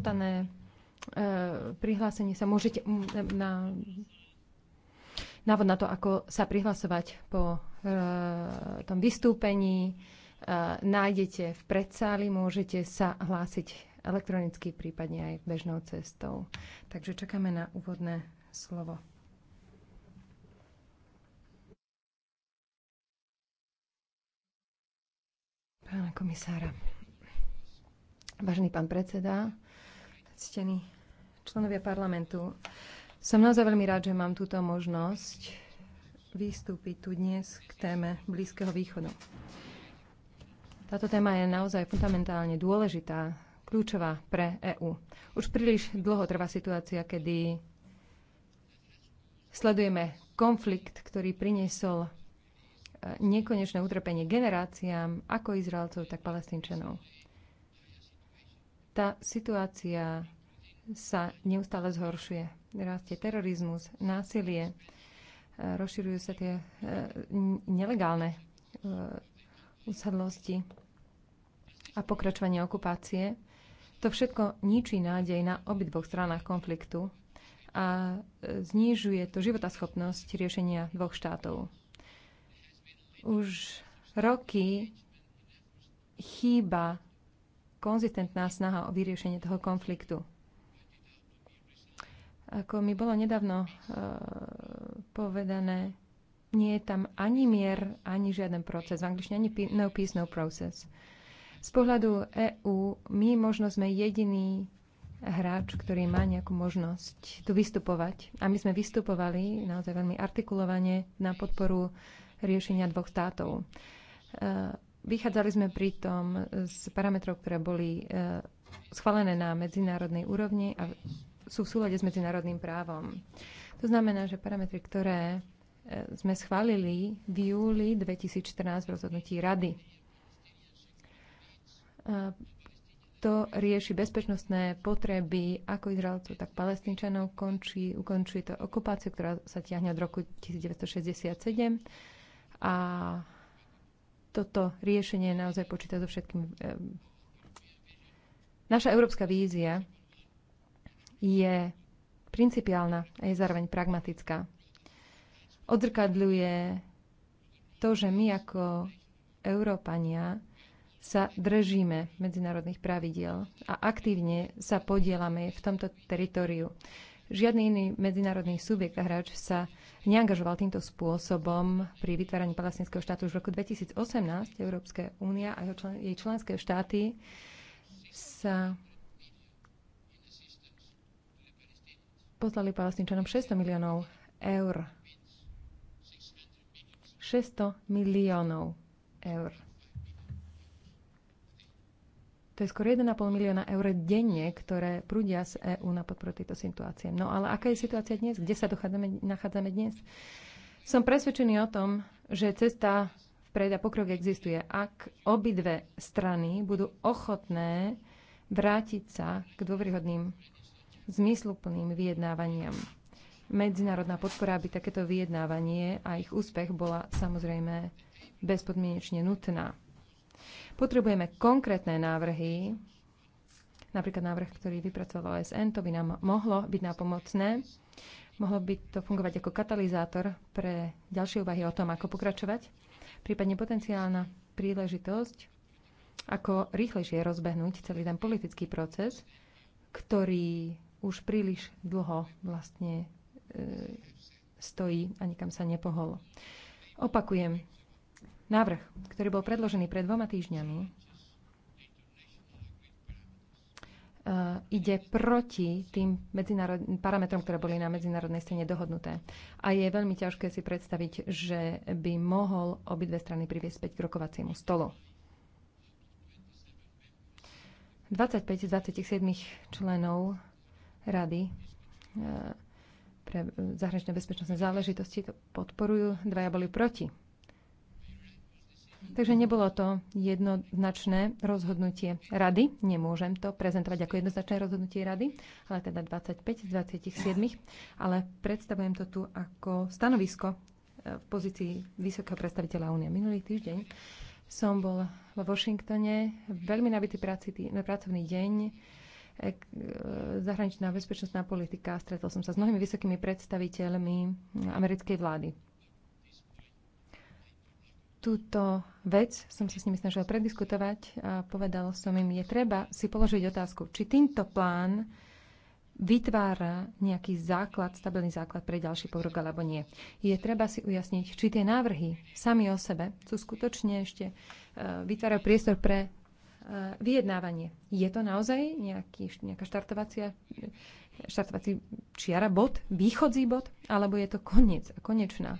spontánne prihlásenie sa môžete na návod na to, ako sa prihlasovať po e, tom vystúpení. E, nájdete v predsáli, môžete sa hlásiť elektronicky, prípadne aj bežnou cestou. Takže čakáme na úvodné slovo. Pána komisára. Vážený pán predseda, ctení členovia parlamentu. Som naozaj veľmi rád, že mám túto možnosť vystúpiť tu dnes k téme Blízkeho východu. Táto téma je naozaj fundamentálne dôležitá, kľúčová pre EÚ. Už príliš dlho trvá situácia, kedy sledujeme konflikt, ktorý priniesol e, nekonečné utrpenie generáciám, ako Izraelcov, tak palestínčanov. Tá situácia sa neustále zhoršuje. Rastie terorizmus, násilie, rozširujú sa tie e, nelegálne e, usadlosti a pokračovanie okupácie. To všetko ničí nádej na obidvoch stranách konfliktu a e, znižuje to životaschopnosť riešenia dvoch štátov. Už roky chýba konzistentná snaha o vyriešenie toho konfliktu. Ako mi bolo nedávno e, povedané, nie je tam ani mier, ani žiaden proces. V angličtine ani no peace, no process. Z pohľadu EÚ my možno sme jediný hráč, ktorý má nejakú možnosť tu vystupovať. A my sme vystupovali naozaj veľmi artikulovane na podporu riešenia dvoch státov. E, Vychádzali sme pritom z parametrov, ktoré boli eh, schválené na medzinárodnej úrovni a sú v súlade s medzinárodným právom. To znamená, že parametry, ktoré eh, sme schválili v júli 2014 v rozhodnutí Rady, to rieši bezpečnostné potreby ako Izraelcov, tak Palestínčanov, končí, ukončí to okupáciu, ktorá sa tiahne od roku 1967 a toto riešenie naozaj počíta so všetkým. Ehm, naša európska vízia je principiálna a je zároveň pragmatická. Odzrkadľuje to, že my ako Európania sa držíme medzinárodných pravidiel a aktívne sa podielame v tomto teritoriu. Žiadny iný medzinárodný subjekt a hráč sa neangažoval týmto spôsobom pri vytváraní palestinského štátu. Už v roku 2018 Európska únia a jej členské štáty sa poslali Palestinčanom 600 miliónov eur. 600 miliónov eur. To je skoro 1,5 milióna eur denne, ktoré prúdia z EÚ na podporu tejto situácie. No ale aká je situácia dnes? Kde sa dochádzame, nachádzame dnes? Som presvedčený o tom, že cesta vpred a pokrok existuje. Ak obidve strany budú ochotné vrátiť sa k dôveryhodným zmysluplným vyjednávaniam. Medzinárodná podpora by takéto vyjednávanie a ich úspech bola samozrejme bezpodmienečne nutná. Potrebujeme konkrétne návrhy, napríklad návrh, ktorý vypracoval OSN, to by nám mohlo byť nápomocné. Mohlo by to fungovať ako katalizátor pre ďalšie úvahy o tom, ako pokračovať, prípadne potenciálna príležitosť, ako rýchlejšie rozbehnúť celý ten politický proces, ktorý už príliš dlho vlastne e, stojí a nikam sa nepohol. Opakujem, Návrh, ktorý bol predložený pred dvoma týždňami, eh, ide proti tým parametrom, ktoré boli na medzinárodnej scéne dohodnuté. A je veľmi ťažké si predstaviť, že by mohol obidve strany priviesť späť k rokovaciemu stolu. 25 z 27 členov Rady eh, pre zahraničné bezpečnostné záležitosti to podporujú, dvaja boli proti. Takže nebolo to jednoznačné rozhodnutie rady. Nemôžem to prezentovať ako jednoznačné rozhodnutie rady, ale teda 25 z 27. Ale predstavujem to tu ako stanovisko e, v pozícii vysokého predstaviteľa únie. Minulý týždeň som bol v Washingtone, veľmi nabitý pracovný deň, e, e, zahraničná bezpečnostná politika. Stretol som sa s mnohými vysokými predstaviteľmi americkej vlády Túto vec som sa s nimi snažila prediskutovať a povedala som im, je treba si položiť otázku, či týmto plán vytvára nejaký základ, stabilný základ pre ďalší pokrok alebo nie. Je treba si ujasniť, či tie návrhy sami o sebe sú skutočne ešte e, vytvárajú priestor pre e, vyjednávanie. Je to naozaj nejaký, nejaká štartovacia, štartovací čiara, bod, východzí bod, alebo je to koniec a konečná?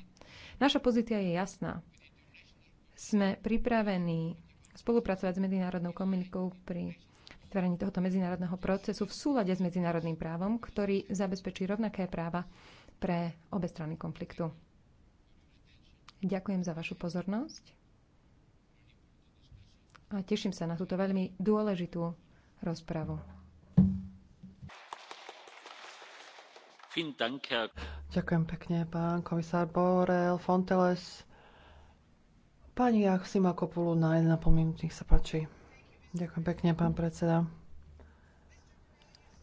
Naša pozícia je jasná. Sme pripravení spolupracovať s medzinárodnou komunikou pri vytvorení tohoto medzinárodného procesu v súlade s medzinárodným právom, ktorý zabezpečí rovnaké práva pre obe strany konfliktu. Ďakujem za vašu pozornosť a teším sa na túto veľmi dôležitú rozpravu. Ďakujem pekne, pán komisár Borel, Fonteles. Pani Jaksima Kopulu na 1,5 minút, nech sa páči. Ďakujem pekne, pán predseda.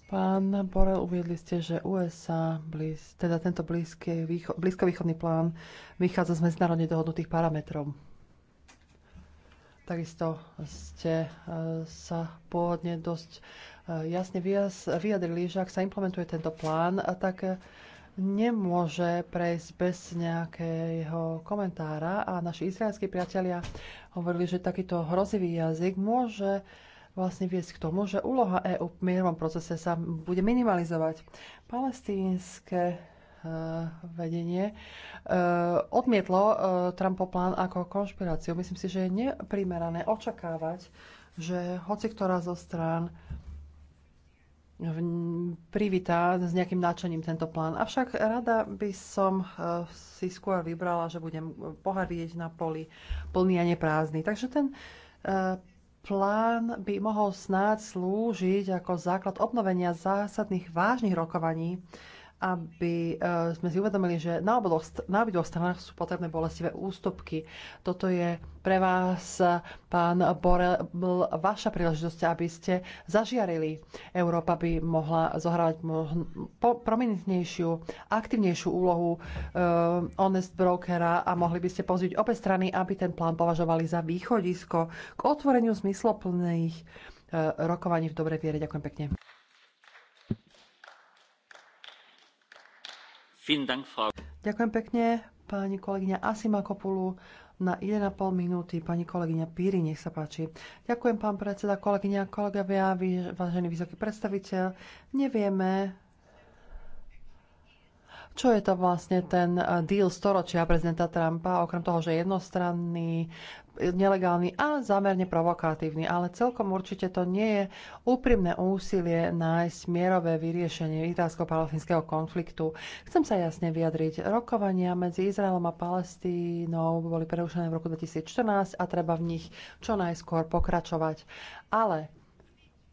Pán Borel, uviedli ste, že USA, blíz, teda tento blízky, výcho, blízkovýchodný plán vychádza z medzinárodne dohodnutých parametrov. Takisto ste e, sa pôvodne dosť e, jasne vyjadrili, že ak sa implementuje tento plán, tak e, nemôže prejsť bez nejakého komentára a naši izraelskí priatelia hovorili, že takýto hrozivý jazyk môže vlastne viesť k tomu, že úloha EU v mierovom procese sa bude minimalizovať. Palestínske e, vedenie e, odmietlo e, plán ako konšpiráciu. Myslím si, že je neprimerané očakávať, že hoci ktorá zo strán privítá s nejakým nadšením tento plán. Avšak rada by som e, si skôr vybrala, že budem pohár vidieť na poli plný a neprázdny. Takže ten e, plán by mohol snáď slúžiť ako základ obnovenia zásadných vážnych rokovaní aby e, sme si uvedomili, že na, obidvoch, na obidvoch stranách sú potrebné bolestivé ústupky. Toto je pre vás, pán Borel, vaša príležitosť, aby ste zažiarili. Európa by mohla zohrávať prominentnejšiu, aktivnejšiu úlohu uh, honest brokera a mohli by ste pozrieť obe strany, aby ten plán považovali za východisko k otvoreniu zmysloplných uh, rokovaní v dobrej viere. Ďakujem pekne. Ďakujem pekne pani kolegyňa Asima Kopulu na 1,5 minúty. Pani kolegyňa Píri, nech sa páči. Ďakujem, pán predseda, kolegyňa, kolegovia, vážený vysoký predstaviteľ. Nevieme, čo je to vlastne ten e, deal storočia prezidenta Trumpa, okrem toho, že jednostranný, nelegálny a zámerne provokatívny. Ale celkom určite to nie je úprimné úsilie nájsť mierové vyriešenie izraelsko-palestinského konfliktu. Chcem sa jasne vyjadriť. Rokovania medzi Izraelom a Palestínou boli prerušené v roku 2014 a treba v nich čo najskôr pokračovať. Ale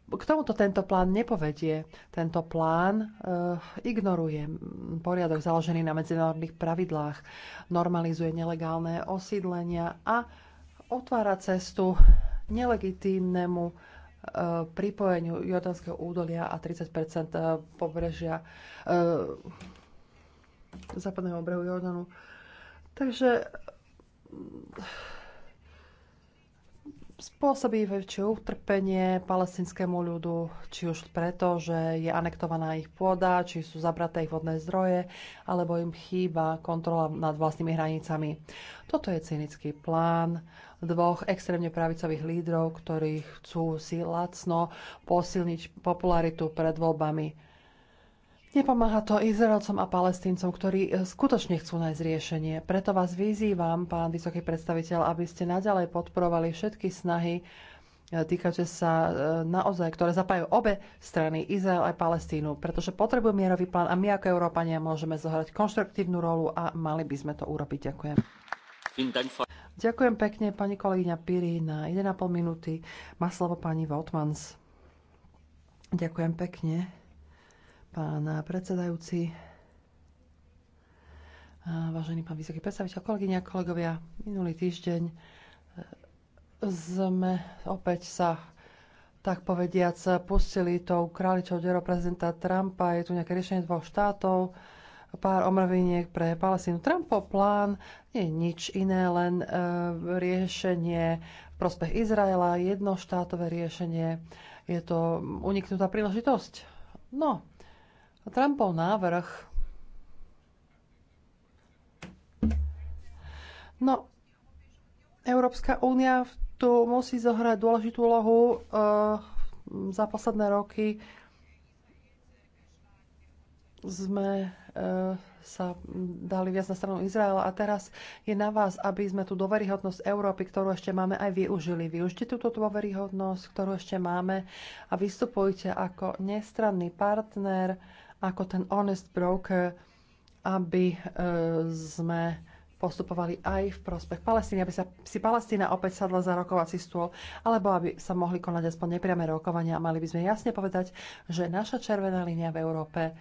k tomuto tento plán nepovedie. Tento plán uh, ignoruje poriadok založený na medzinárodných pravidlách, normalizuje nelegálne osídlenia a otvára cestu nelegitímnemu uh, pripojeniu Jordanského údolia a 30 eh, pobrežia uh, západného brehu Jordanu. Takže spôsobí väčšie utrpenie palestinskému ľudu, či už preto, že je anektovaná ich pôda, či sú zabraté ich vodné zdroje, alebo im chýba kontrola nad vlastnými hranicami. Toto je cynický plán dvoch extrémne pravicových lídrov, ktorí chcú si lacno posilniť popularitu pred voľbami Nepomáha to Izraelcom a Palestíncom, ktorí e, skutočne chcú nájsť riešenie. Preto vás vyzývam, pán vysoký predstaviteľ, aby ste naďalej podporovali všetky snahy e, týkajúce sa e, naozaj, ktoré zapájajú obe strany, Izrael aj Palestínu, pretože potrebujú mierový plán a my ako Európania môžeme zohrať konštruktívnu rolu a mali by sme to urobiť. Ďakujem. Ďakujem pekne pani kolegyňa Piri na 1,5 minúty. Má slovo pani Voltmans. Ďakujem pekne pán predsedajúci, vážený pán vysoký predstaviteľ, kolegyňa, kolegovia, minulý týždeň e, sme opäť sa tak povediac pustili tou králičou dero prezidenta Trumpa. Je tu nejaké riešenie dvoch štátov, pár omrviniek pre Palestínu. Trumpov plán nie je nič iné, len e, riešenie v prospech Izraela, jednoštátové riešenie. Je to uniknutá príležitosť. No, a Trumpov návrh. No, Európska únia tu musí zohrať dôležitú úlohu e, za posledné roky. Sme e, sa dali viac na stranu Izraela a teraz je na vás, aby sme tú dôveryhodnosť Európy, ktorú ešte máme, aj využili. Využite túto dôveryhodnosť, ktorú ešte máme a vystupujte ako nestranný partner, ako ten honest broker, aby e, sme postupovali aj v prospech Palestíny, aby sa si Palestína opäť sadla za rokovací stôl, alebo aby sa mohli konať aspoň nepriame rokovania a mali by sme jasne povedať, že naša červená línia v Európe e,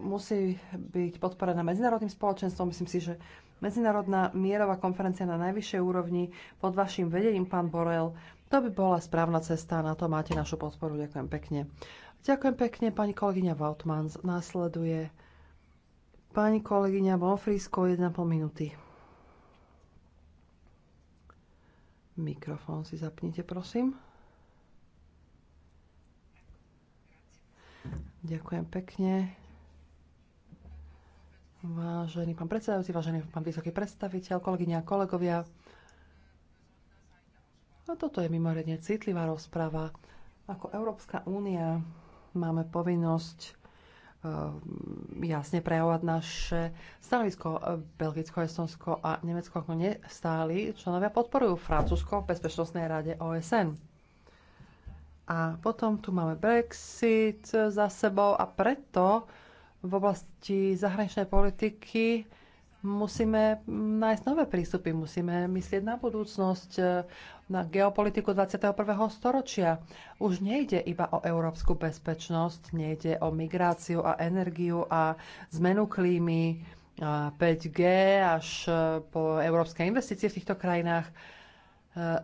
musí byť podporená medzinárodným spoločenstvom. Myslím si, že medzinárodná mierová konferencia na najvyššej úrovni pod vašim vedením, pán Borel, to by bola správna cesta, na to máte našu podporu. Ďakujem pekne. Ďakujem pekne, pani kolegyňa Vautmans. Následuje pani kolegyňa Bonfrisko, 1,5 minúty. Mikrofón si zapnite, prosím. Ďakujem pekne. Vážený pán predsedajúci, vážený pán vysoký predstaviteľ, kolegyňa a kolegovia, a toto je mimoriadne citlivá rozprava. Ako Európska únia máme povinnosť eh, jasne prejavovať naše stanovisko. Belgicko, Estonsko a Nemecko ako nestáli členovia podporujú Francúzsko v Bezpečnostnej rade OSN. A potom tu máme Brexit za sebou a preto v oblasti zahraničnej politiky musíme nájsť nové prístupy, musíme myslieť na budúcnosť, eh, na geopolitiku 21. storočia. Už nejde iba o európsku bezpečnosť, nejde o migráciu a energiu a zmenu klímy, 5G až eh, po európske investície v týchto krajinách. Eh,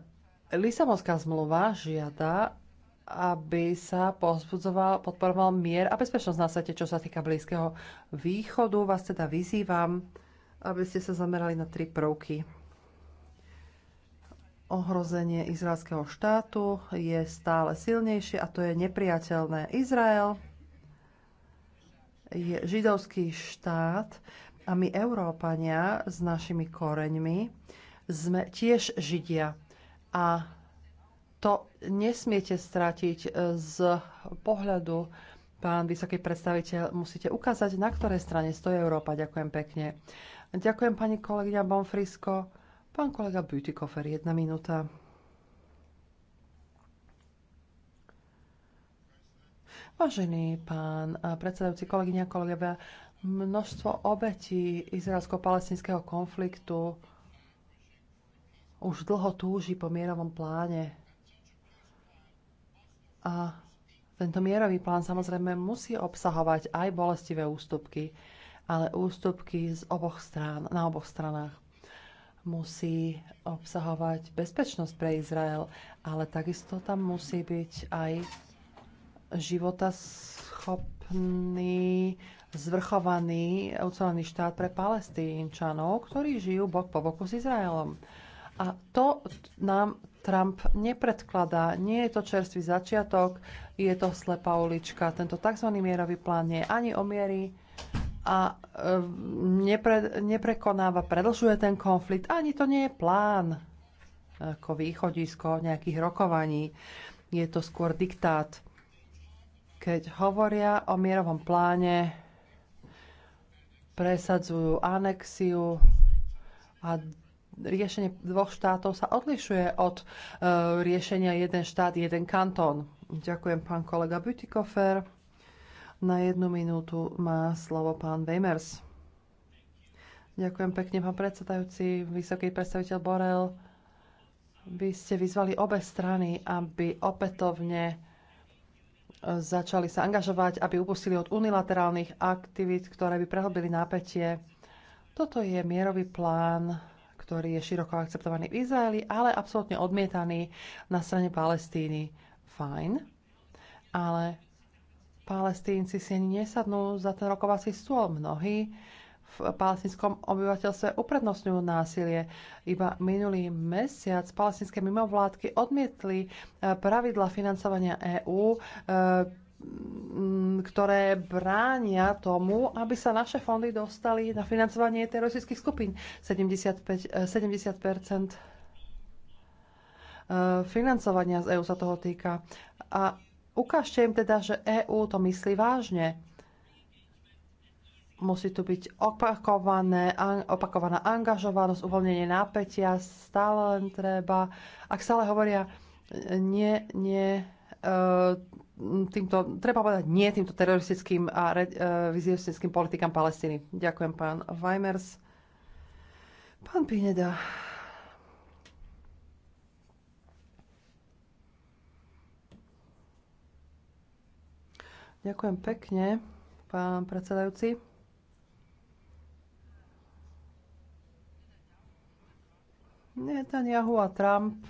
Lisabonská zmluva žiada, aby sa pozbudzoval, podporoval mier a bezpečnosť na svete, čo sa týka Blízkeho východu. Vás teda vyzývam, aby ste sa zamerali na tri prvky. Ohrozenie izraelského štátu je stále silnejšie a to je nepriateľné. Izrael je židovský štát a my, Európania, s našimi koreňmi, sme tiež Židia. A to nesmiete stratiť z pohľadu pán vysoký predstaviteľ, musíte ukázať, na ktorej strane stojí Európa. Ďakujem pekne. Ďakujem pani kolegyňa Bonfrisko. Pán kolega Bütikofer, jedna minúta. Vážený pán predsedajúci, kolegyňa, kolegovia, množstvo obetí izraelsko-palestinského konfliktu už dlho túži po mierovom pláne. A tento mierový plán samozrejme musí obsahovať aj bolestivé ústupky ale ústupky z oboch strán, na oboch stranách. Musí obsahovať bezpečnosť pre Izrael, ale takisto tam musí byť aj schopný zvrchovaný, ucelený štát pre palestínčanov, ktorí žijú bok po boku s Izraelom. A to nám Trump nepredkladá. Nie je to čerstvý začiatok, je to slepá ulička. Tento tzv. mierový plán nie je ani o miery, a e, nepre, neprekonáva, predlžuje ten konflikt. Ani to nie je plán ako východisko nejakých rokovaní. Je to skôr diktát. Keď hovoria o mierovom pláne, presadzujú anexiu a riešenie dvoch štátov sa odlišuje od e, riešenia jeden štát, jeden kantón. Ďakujem, pán kolega Butikofer. Na jednu minútu má slovo pán Weimers. Ďakujem pekne, pán predsedajúci, vysoký predstaviteľ Borel. Vy ste vyzvali obe strany, aby opätovne e, začali sa angažovať, aby upustili od unilaterálnych aktivít, ktoré by prehlbili napätie. Toto je mierový plán, ktorý je široko akceptovaný v Izraeli, ale absolútne odmietaný na strane Palestíny. Fajn, ale Palestínci si ani nesadnú za ten rokovací stôl. Mnohí v palestinskom obyvateľstve uprednostňujú násilie. Iba minulý mesiac palestinské mimovládky odmietli e, pravidla financovania EÚ, e, ktoré bránia tomu, aby sa naše fondy dostali na financovanie teroristických skupín. 75, 70 e, financovania z EÚ sa toho týka. A Ukážte im teda, že EÚ to myslí vážne. Musí tu byť opakované, opakovaná angažovanosť, uvoľnenie napätia, stále len treba. Ak stále hovoria nie, nie, e, týmto, treba povedať nie týmto teroristickým a e, vizionistickým politikám Palestíny. Ďakujem, pán Weimers. Pán Pineda. Ďakujem pekne, pán predsedajúci. Netanyahu a Trump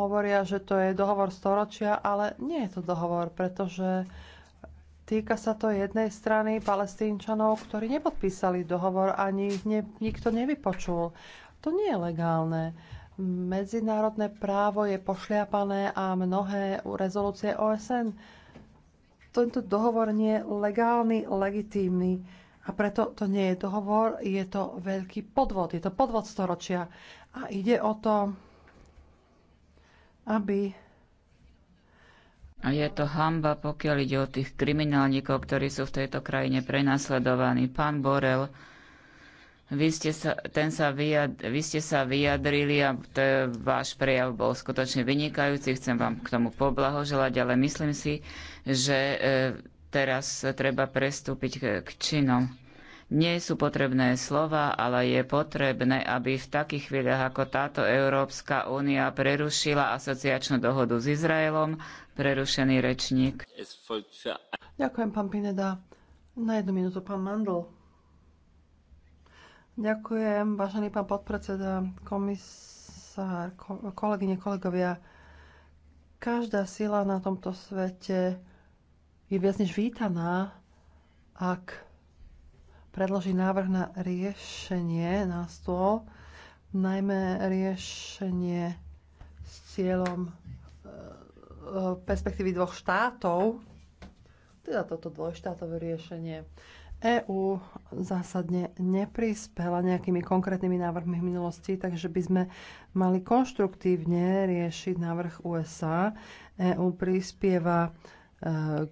hovoria, že to je dohovor storočia, ale nie je to dohovor, pretože týka sa to jednej strany palestínčanov, ktorí nepodpísali dohovor ani ich ne, nikto nevypočul. To nie je legálne. Medzinárodné právo je pošliapané a mnohé rezolúcie OSN tento dohovor nie je legálny, legitímny. A preto to nie je dohovor, je to veľký podvod. Je to podvod storočia. A ide o to, aby... A je to hamba, pokiaľ ide o tých kriminálnikov, ktorí sú v tejto krajine prenasledovaní. Pán Borel, vy ste sa, ten sa vyjad, vy ste sa vyjadrili a to je, váš prejav bol skutočne vynikajúci. Chcem vám k tomu poblahoželať, ale myslím si, že e, teraz treba prestúpiť k, k činom. Nie sú potrebné slova, ale je potrebné, aby v takých chvíľach ako táto Európska únia prerušila asociačnú dohodu s Izraelom, prerušený rečník. Ďakujem, pán Pineda. Na jednu minútu, pán Mandl. Ďakujem, vážený pán podpredseda, komisár, kolegyne, kolegovia. Každá sila na tomto svete je viac než vítaná, ak predloží návrh na riešenie na stôl, najmä riešenie s cieľom e, e, perspektívy dvoch štátov, teda toto dvojštátové riešenie. EÚ zásadne neprispela nejakými konkrétnymi návrhmi v minulosti, takže by sme mali konštruktívne riešiť návrh USA. EÚ prispieva e,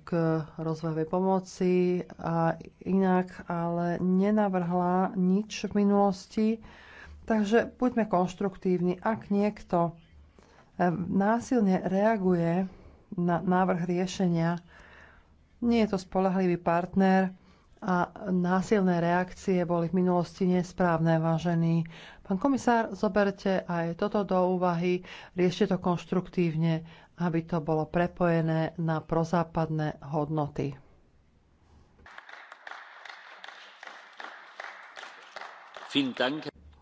k rozvojovej pomoci a inak, ale nenavrhla nič v minulosti. Takže buďme konštruktívni. Ak niekto e, násilne reaguje na návrh riešenia, nie je to spolahlivý partner, a násilné reakcie boli v minulosti nesprávne, vážení. Pán komisár, zoberte aj toto do úvahy, riešte to konštruktívne, aby to bolo prepojené na prozápadné hodnoty.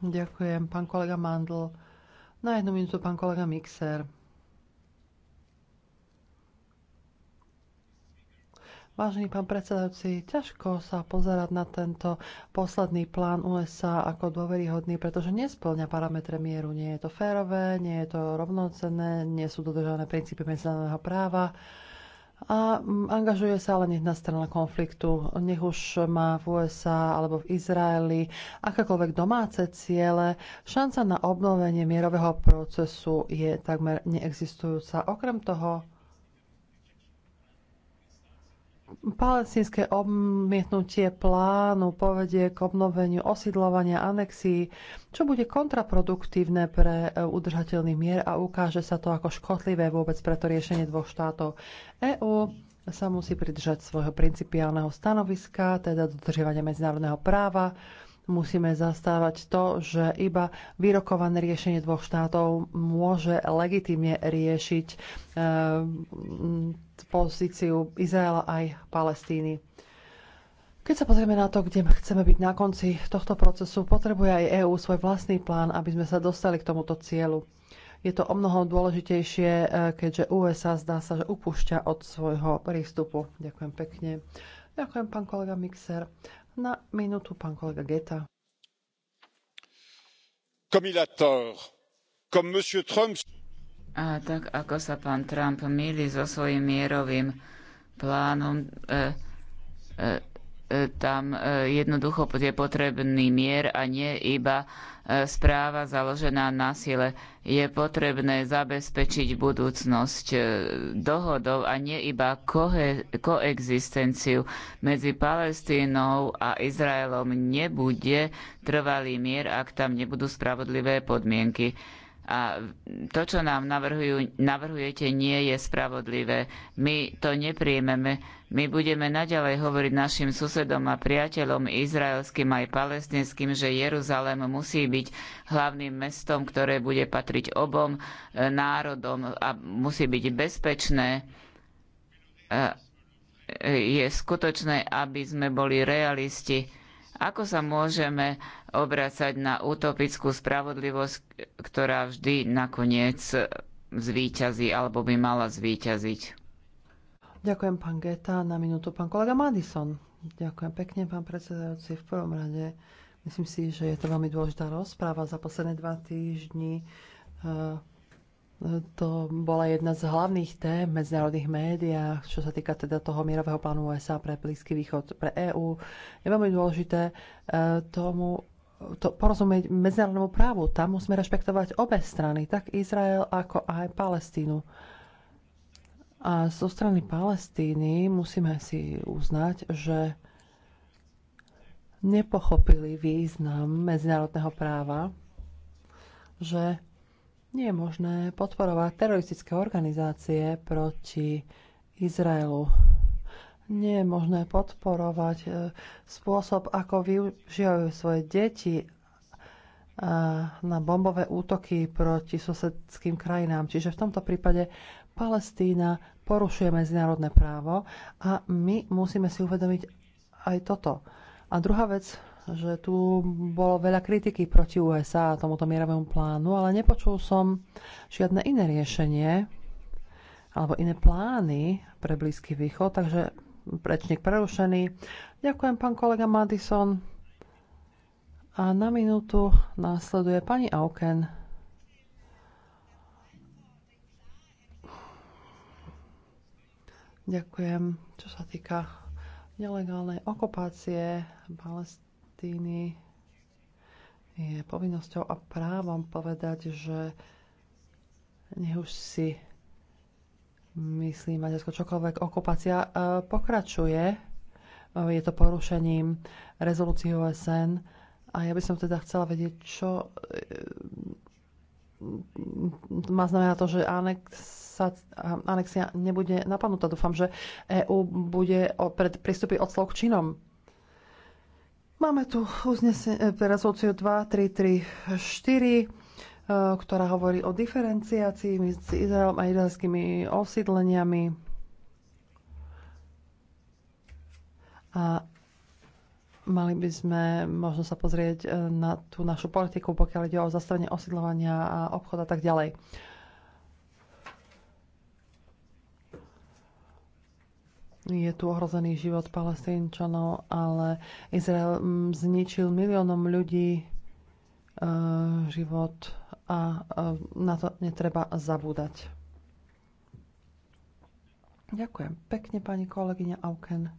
Ďakujem, pán kolega Mandl. Na jednu minútu pán kolega Mixer. Vážený pán predsedajúci, ťažko sa pozerať na tento posledný plán USA ako dôveryhodný, pretože nesplňa parametre mieru. Nie je to férové, nie je to rovnocenné, nie sú dodržané princípy medzinárodného práva a angažuje sa ale jedna strana konfliktu. Nech už má v USA alebo v Izraeli akékoľvek domáce ciele, šanca na obnovenie mierového procesu je takmer neexistujúca. Okrem toho, Palestínske obmietnutie plánu povedie k obnoveniu osídlovania anexí, čo bude kontraproduktívne pre e, udržateľný mier a ukáže sa to ako škodlivé vôbec pre to riešenie dvoch štátov. EÚ sa musí pridržať svojho principiálneho stanoviska, teda dodržiavania medzinárodného práva, musíme zastávať to, že iba vyrokované riešenie dvoch štátov môže legitimne riešiť eh, pozíciu Izraela aj Palestíny. Keď sa pozrieme na to, kde chceme byť na konci tohto procesu, potrebuje aj EÚ svoj vlastný plán, aby sme sa dostali k tomuto cieľu. Je to o mnoho dôležitejšie, eh, keďže USA zdá sa, že upúšťa od svojho prístupu. Ďakujem pekne. Ďakujem, pán kolega Mixer. Na minútu pán kolega Geta. A tak ako sa pán Trump mýli so svojím mierovým plánom, e, e, tam e, jednoducho je potrebný mier a nie iba e, správa založená na sile. Je potrebné zabezpečiť budúcnosť e, dohodov a nie iba koexistenciu. Medzi Palestínou a Izraelom nebude trvalý mier, ak tam nebudú spravodlivé podmienky. A to, čo nám navrhujú, navrhujete, nie je spravodlivé. My to nepríjmeme. My budeme naďalej hovoriť našim susedom a priateľom, izraelským aj palestinským, že Jeruzalém musí byť hlavným mestom, ktoré bude patriť obom e, národom a musí byť bezpečné. E, e, je skutočné, aby sme boli realisti ako sa môžeme obracať na utopickú spravodlivosť, ktorá vždy nakoniec zvíťazí alebo by mala zvíťaziť? Ďakujem, pán Geta. Na minútu pán kolega Madison. Ďakujem pekne, pán predsedajúci. V prvom rade myslím si, že je to veľmi dôležitá rozpráva za posledné dva týždni. Eh, to bola jedna z hlavných tém v medzinárodných médiách, čo sa týka teda toho mierového plánu USA pre Blízky východ, pre EÚ. Je veľmi dôležité e, tomu to porozumieť medzinárodnému právu. Tam musíme rešpektovať obe strany, tak Izrael ako aj Palestínu. A zo strany Palestíny musíme si uznať, že nepochopili význam medzinárodného práva, že nie je možné podporovať teroristické organizácie proti Izraelu. Nie je možné podporovať e, spôsob, ako využívajú svoje deti e, na bombové útoky proti susedským krajinám. Čiže v tomto prípade Palestína porušuje medzinárodné právo a my musíme si uvedomiť aj toto. A druhá vec, že tu bolo veľa kritiky proti USA a tomuto mierovému plánu, ale nepočul som žiadne iné riešenie alebo iné plány pre Blízky východ, takže prečník prerušený. Ďakujem, pán kolega Madison. A na minútu následuje pani Auken. Ďakujem, čo sa týka nelegálnej okupácie Palestíny Palestíny je povinnosťou a právom povedať, že nech už si myslí Maďarsko čokoľvek, okupácia e, pokračuje. Je to porušením rezolúcií OSN a ja by som teda chcela vedieť, čo e, má znamená to, že anexa, anexia nebude napadnutá. Dúfam, že EÚ bude pred prístupy od slov k činom. Máme tu uznesenie, 3, e, 4, e, ktorá hovorí o diferenciácii medzi Izraelom a izraelskými osídleniami. A mali by sme možno sa pozrieť e, na tú našu politiku, pokiaľ ide o zastavenie osídlovania a obchod a tak ďalej. je tu ohrozený život palestínčanov, ale Izrael mm, zničil miliónom ľudí e, život a e, na to netreba zabúdať. Ďakujem pekne, pani kolegyňa Auken.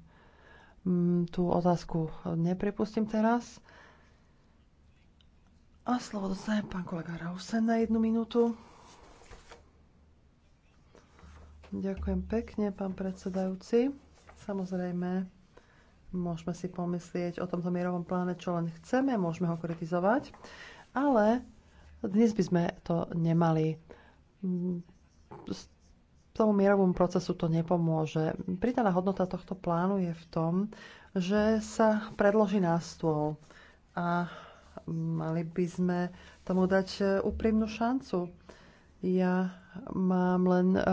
Mm, tú otázku nepripustím teraz. A slovo dostane pán kolega Rausen na jednu minútu. Ďakujem pekne, pán predsedajúci. Samozrejme, môžeme si pomyslieť o tomto mierovom pláne, čo len chceme, môžeme ho kritizovať, ale dnes by sme to nemali. tomu mierovom procesu to nepomôže. Pridaná hodnota tohto plánu je v tom, že sa predloží na stôl a mali by sme tomu dať e, úprimnú šancu ja mám len um,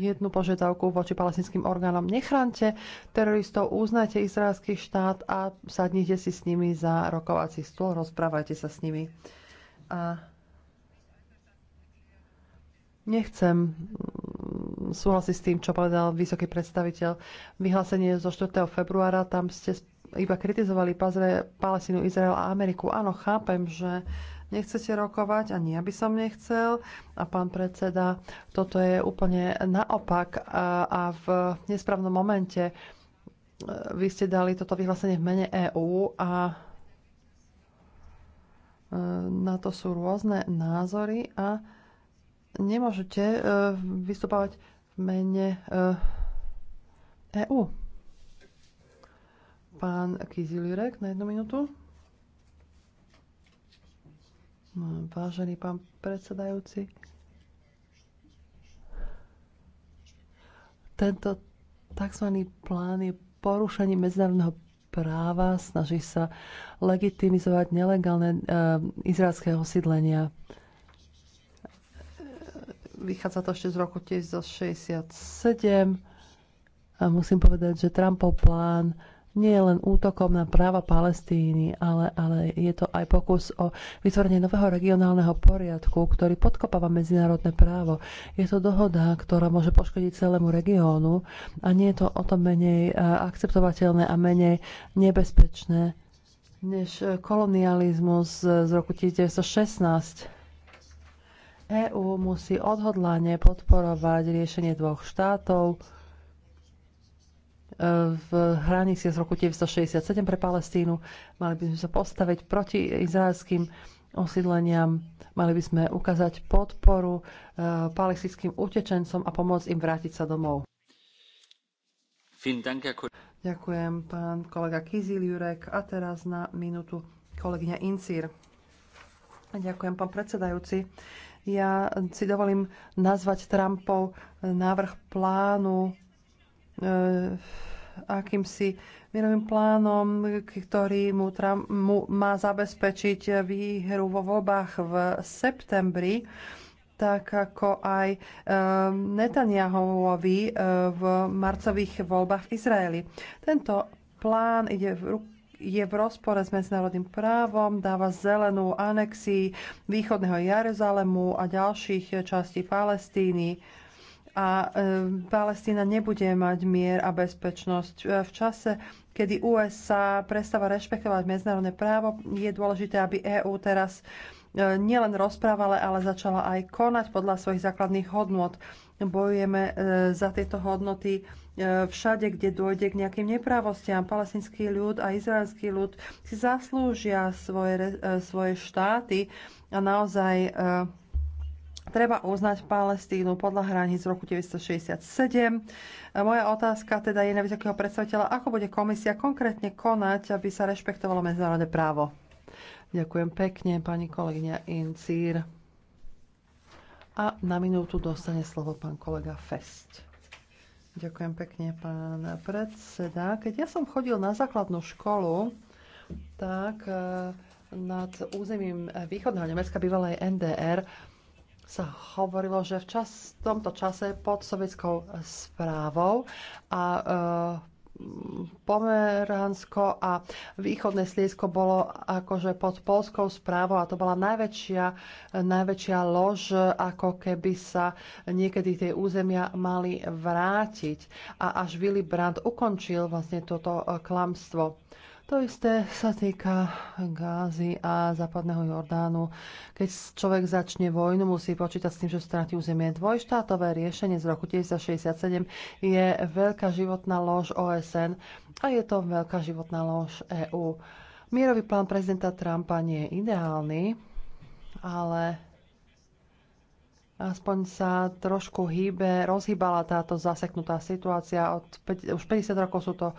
jednu požiadavku voči palestinským orgánom. Nechránte teroristov, uznajte izraelský štát a sadnite si s nimi za rokovací stôl, rozprávajte sa s nimi. A nechcem mm, súhlasiť s tým, čo povedal vysoký predstaviteľ. Vyhlásenie zo 4. februára, tam ste iba kritizovali Palestínu, Izrael a Ameriku. Áno, chápem, že nechcete rokovať, ani ja by som nechcel. A pán predseda, toto je úplne naopak a, a v nesprávnom momente vy ste dali toto vyhlásenie v mene EÚ a e, na to sú rôzne názory a nemôžete e, vystupovať v mene EÚ. E pán Kizilirek na jednu minútu. Vážený pán predsedajúci, tento tzv. plán je porušení medzinárodného práva, snaží sa legitimizovať nelegálne e, eh, izraelské osídlenia. Vychádza to ešte z roku 1967 a musím povedať, že Trumpov plán nie je len útokom na práva Palestíny, ale, ale je to aj pokus o vytvorenie nového regionálneho poriadku, ktorý podkopáva medzinárodné právo. Je to dohoda, ktorá môže poškodiť celému regiónu a nie je to o to menej eh, akceptovateľné a menej nebezpečné než eh, kolonializmus z roku 1916. EÚ musí odhodlane podporovať riešenie dvoch štátov, v hraniciach z roku 1967 pre Palestínu. Mali by sme sa postaviť proti izraelským osídleniam, mali by sme ukázať podporu eh, palestinským utečencom a pomôcť im vrátiť sa domov. Ďakujem, pán kolega Kizil Jurek. A teraz na minútu kolegyňa Incír. Ďakujem, pán predsedajúci. Ja si dovolím nazvať Trumpov návrh plánu e, akýmsi mierovým plánom, ktorý mu, Trump, mu má zabezpečiť výhru vo voľbách v septembri tak ako aj ehm, Netanyahovovi eh, v marcových voľbách v Izraeli. Tento plán ide v ruku je v rozpore s medzinárodným právom, dáva zelenú anexii východného Jeruzalemu a ďalších častí Palestíny a e, Palestína nebude mať mier a bezpečnosť. E, v čase, kedy USA prestáva rešpektovať medzinárodné právo, je dôležité, aby EÚ teraz e, nielen rozprávala, ale začala aj konať podľa svojich základných hodnot. Bojujeme za tieto hodnoty všade, kde dôjde k nejakým neprávostiam. Palestinský ľud a izraelský ľud si zaslúžia svoje, svoje štáty a naozaj Treba uznať Palestínu podľa hraníc roku 1967. Moja otázka teda je na vysokého predstaviteľa, ako bude komisia konkrétne konať, aby sa rešpektovalo medzinárodné právo. Ďakujem pekne, pani kolegyňa Incír. A na minútu dostane slovo pán kolega Fest. Ďakujem pekne, pán predseda. Keď ja som chodil na základnú školu, tak eh, nad územím eh, východného Nemecka, bývalej NDR, sa hovorilo, že v, čas, v tomto čase pod sovietskou správou a e, Pomeransko a východné Sliesko bolo akože pod polskou správou a to bola najväčšia, najväčšia lož, ako keby sa niekedy tie územia mali vrátiť. A až Willy Brandt ukončil vlastne toto e, klamstvo. To isté sa týka Gázy a západného Jordánu. Keď človek začne vojnu, musí počítať s tým, že stráti územie. Dvojštátové riešenie z roku 1967 je veľká životná lož OSN a je to veľká životná lož EÚ. Mierový plán prezidenta Trumpa nie je ideálny, ale aspoň sa trošku hýbe, rozhýbala táto zaseknutá situácia. Od, už 50 rokov sú to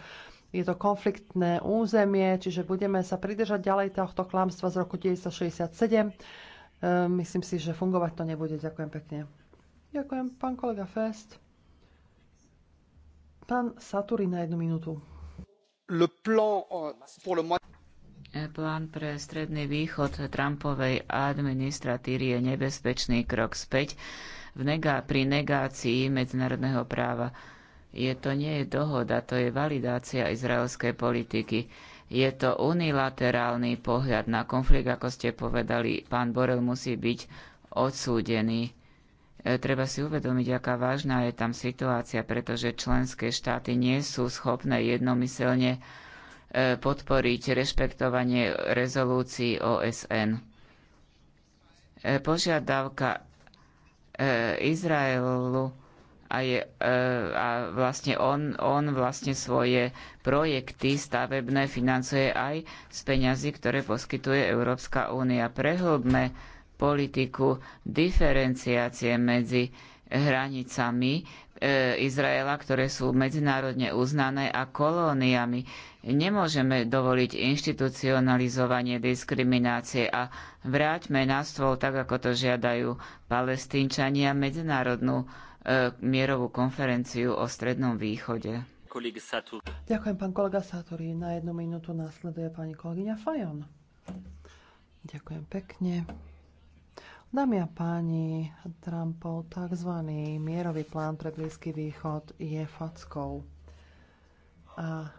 je to konfliktné územie, čiže budeme sa pridržať ďalej tohto klamstva z roku 1967. Ehm, myslím si, že fungovať to nebude. Ďakujem pekne. Ďakujem, pán kolega Fest. Pán Saturi na jednu minútu. Le plan euh, pour le mois... E, plán pre Stredný východ Trumpovej administratíry je nebezpečný krok späť v nega- pri negácii medzinárodného práva. Je to nie je dohoda, to je validácia izraelskej politiky. Je to unilaterálny pohľad na konflikt, ako ste povedali. Pán Borel musí byť odsúdený. E, treba si uvedomiť, aká vážna je tam situácia, pretože členské štáty nie sú schopné jednomyselne e, podporiť rešpektovanie rezolúcií OSN. E, požiadavka e, Izraelu a, je, e, a vlastne on, on vlastne svoje projekty stavebné financuje aj z peňazí, ktoré poskytuje Európska únia. Prehlbme politiku diferenciácie medzi hranicami e, Izraela, ktoré sú medzinárodne uznané a kolóniami. Nemôžeme dovoliť inštitucionalizovanie diskriminácie a vráťme na stôl, tak ako to žiadajú palestínčania, medzinárodnú E, mierovú konferenciu o Strednom východe. Ďakujem, pán kolega Sátori. Na jednu minútu následuje pani kolegyňa Fajon. Ďakujem pekne. Dámy a páni, Trumpov tzv. mierový plán pre Blízky východ je fackou. A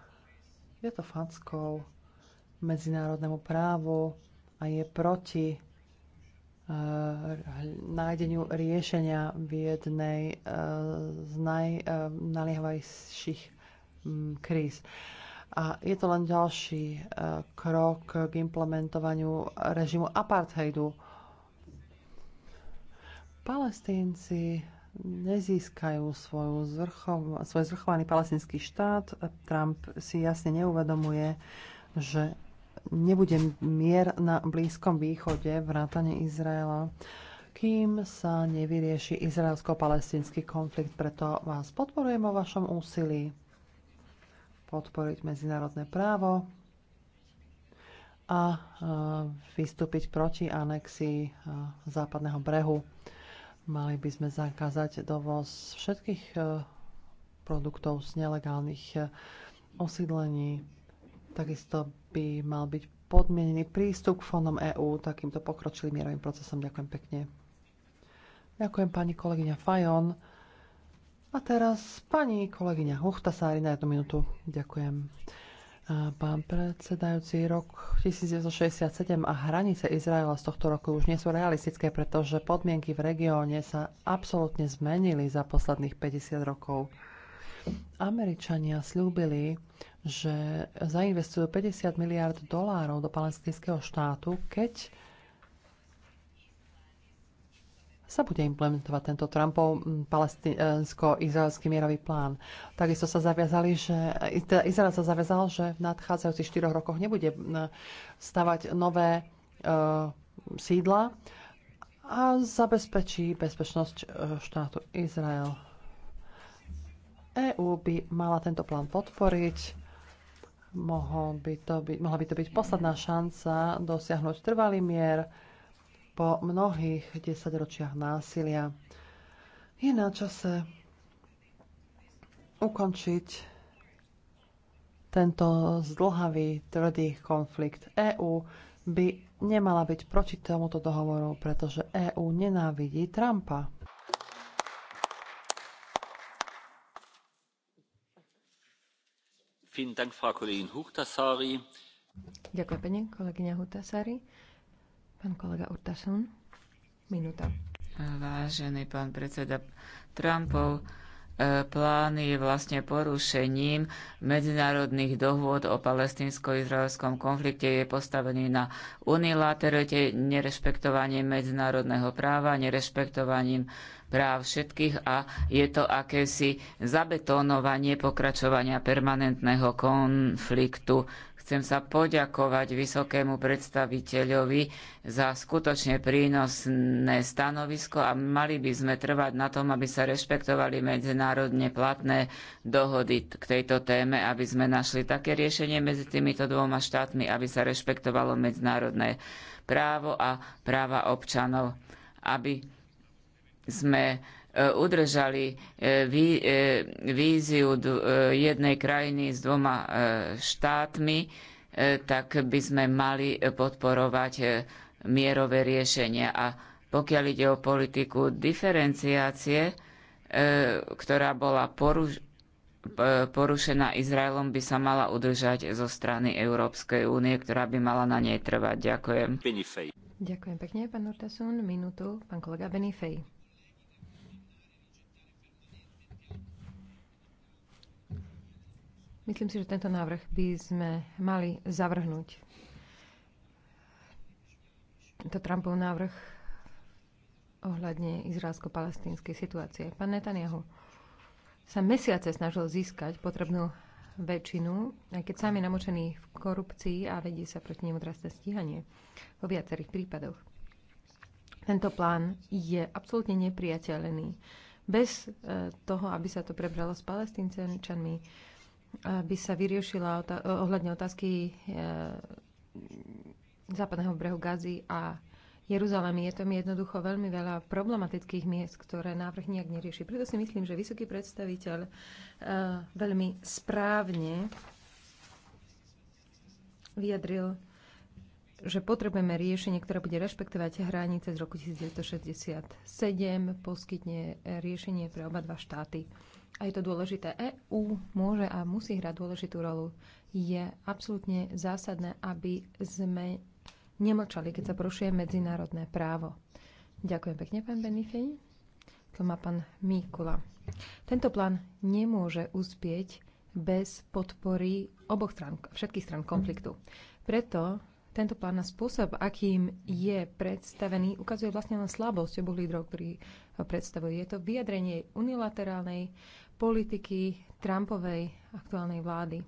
je to fackou medzinárodnému právu a je proti Eh, nájdeniu riešenia v jednej eh, z najnaliehavajších mm, kríz. A je to len ďalší eh, krok k implementovaniu režimu apartheidu. Palestínci nezískajú svoju zvrchov, svoj zvrchovaný palestinský štát. Trump si jasne neuvedomuje, že nebude mier na Blízkom východe, vrátane Izraela, kým sa nevyrieši izraelsko-palestínsky konflikt. Preto vás podporujem o vašom úsilí podporiť medzinárodné právo a e, vystúpiť proti anexii e, západného brehu. Mali by sme zakázať dovoz všetkých e, produktov z nelegálnych osídlení Takisto by mal byť podmienený prístup k fondom EÚ takýmto pokročilým mierovým procesom. Ďakujem pekne. Ďakujem pani kolegyňa Fajon. A teraz pani kolegyňa Huchtasári na jednu minútu. Ďakujem. Pán predsedajúci, rok 1967 a hranice Izraela z tohto roku už nie sú realistické, pretože podmienky v regióne sa absolútne zmenili za posledných 50 rokov. Američania slúbili, že zainvestujú 50 miliard dolárov do palestinského štátu, keď sa bude implementovať tento Trumpov palestinsko-izraelský mierový plán. Takisto sa zaviazali, že teda Izrael sa zaviazal, že v nadchádzajúcich 4 rokoch nebude stavať nové e, sídla a zabezpečí bezpečnosť e, štátu Izrael. EÚ by mala tento plán podporiť. Mohol by to byť, mohla by to byť posledná šanca dosiahnuť trvalý mier po mnohých desaťročiach násilia. Je na čase ukončiť tento zdlhavý, tvrdý konflikt. EÚ by nemala byť proti tomuto dohovoru, pretože EÚ nenávidí Trumpa. Ďakujem pekne, kolegyňa Huhtasári. Pán kolega Urtasun, minúta. Vážený pán predseda Trumpov, plán je vlastne porušením medzinárodných dohôd o palestínsko-izraelskom konflikte. Je postavený na unilaterite, nerešpektovaním medzinárodného práva, nerešpektovaním práv všetkých a je to akési zabetónovanie pokračovania permanentného konfliktu. Chcem sa poďakovať vysokému predstaviteľovi za skutočne prínosné stanovisko a mali by sme trvať na tom, aby sa rešpektovali medzinárodne platné dohody k tejto téme, aby sme našli také riešenie medzi týmito dvoma štátmi, aby sa rešpektovalo medzinárodné právo a práva občanov, aby sme E, udržali e, e, víziu jednej krajiny s dvoma štátmi, tak by sme mali podporovať mierové riešenia. A pokiaľ ide o politiku diferenciácie, ktorá bola porušená Izraelom, by sa mala udržať zo strany Európskej únie, ktorá by mala na nej trvať. Ďakujem. Benifej. Ďakujem pekne, pán Ortasun. Minútu, pán kolega Benifej. Myslím si, že tento návrh by sme mali zavrhnúť. Tento Trumpov návrh ohľadne izraelsko-palestínskej situácie. Pán Netanyahu sa mesiace snažil získať potrebnú väčšinu, aj keď sám je namočený v korupcii a vedie sa proti nemu trestné stíhanie vo viacerých prípadoch. Tento plán je absolútne nepriateľný. Bez eh, toho, aby sa to prebralo s palestínčanmi, aby sa vyriešila ohľadne otázky e, západného brehu Gazy a Jeruzalém. Je tam jednoducho veľmi veľa problematických miest, ktoré návrh nejak nerieši. Preto si myslím, že vysoký predstaviteľ e, veľmi správne vyjadril, že potrebujeme riešenie, ktoré bude rešpektovať hranice z roku 1967, poskytne riešenie pre oba dva štáty a je to dôležité. EÚ môže a musí hrať dôležitú rolu. Je absolútne zásadné, aby sme nemlčali, keď sa porušuje medzinárodné právo. Ďakujem pekne, pán Benifej. To má pán Mikula. Tento plán nemôže uspieť bez podpory oboch strán, všetkých strán konfliktu. Preto tento plán a spôsob, akým je predstavený, ukazuje vlastne len slabosť oboch lídrov, ktorí ho predstavujú. Je to vyjadrenie unilaterálnej politiky Trumpovej aktuálnej vlády.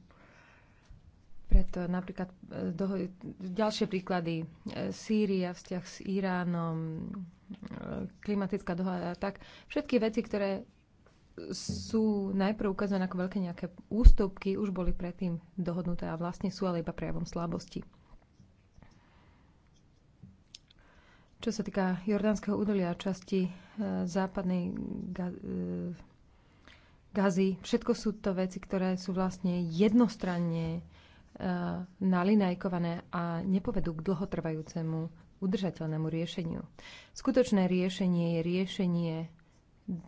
Preto napríklad e, doho- ďalšie príklady. E, Sýria, vzťah s Iránom, e, klimatická dohoda a tak. Všetky veci, ktoré sú najprv ukazané ako veľké nejaké ústupky, už boli predtým dohodnuté a vlastne sú ale iba prejavom slabosti. Čo sa týka Jordánskeho údolia a časti e, západnej e, Gazy, všetko sú to veci, ktoré sú vlastne jednostranne e, nalinajkované a nepovedú k dlhotrvajúcemu udržateľnému riešeniu. Skutočné riešenie je riešenie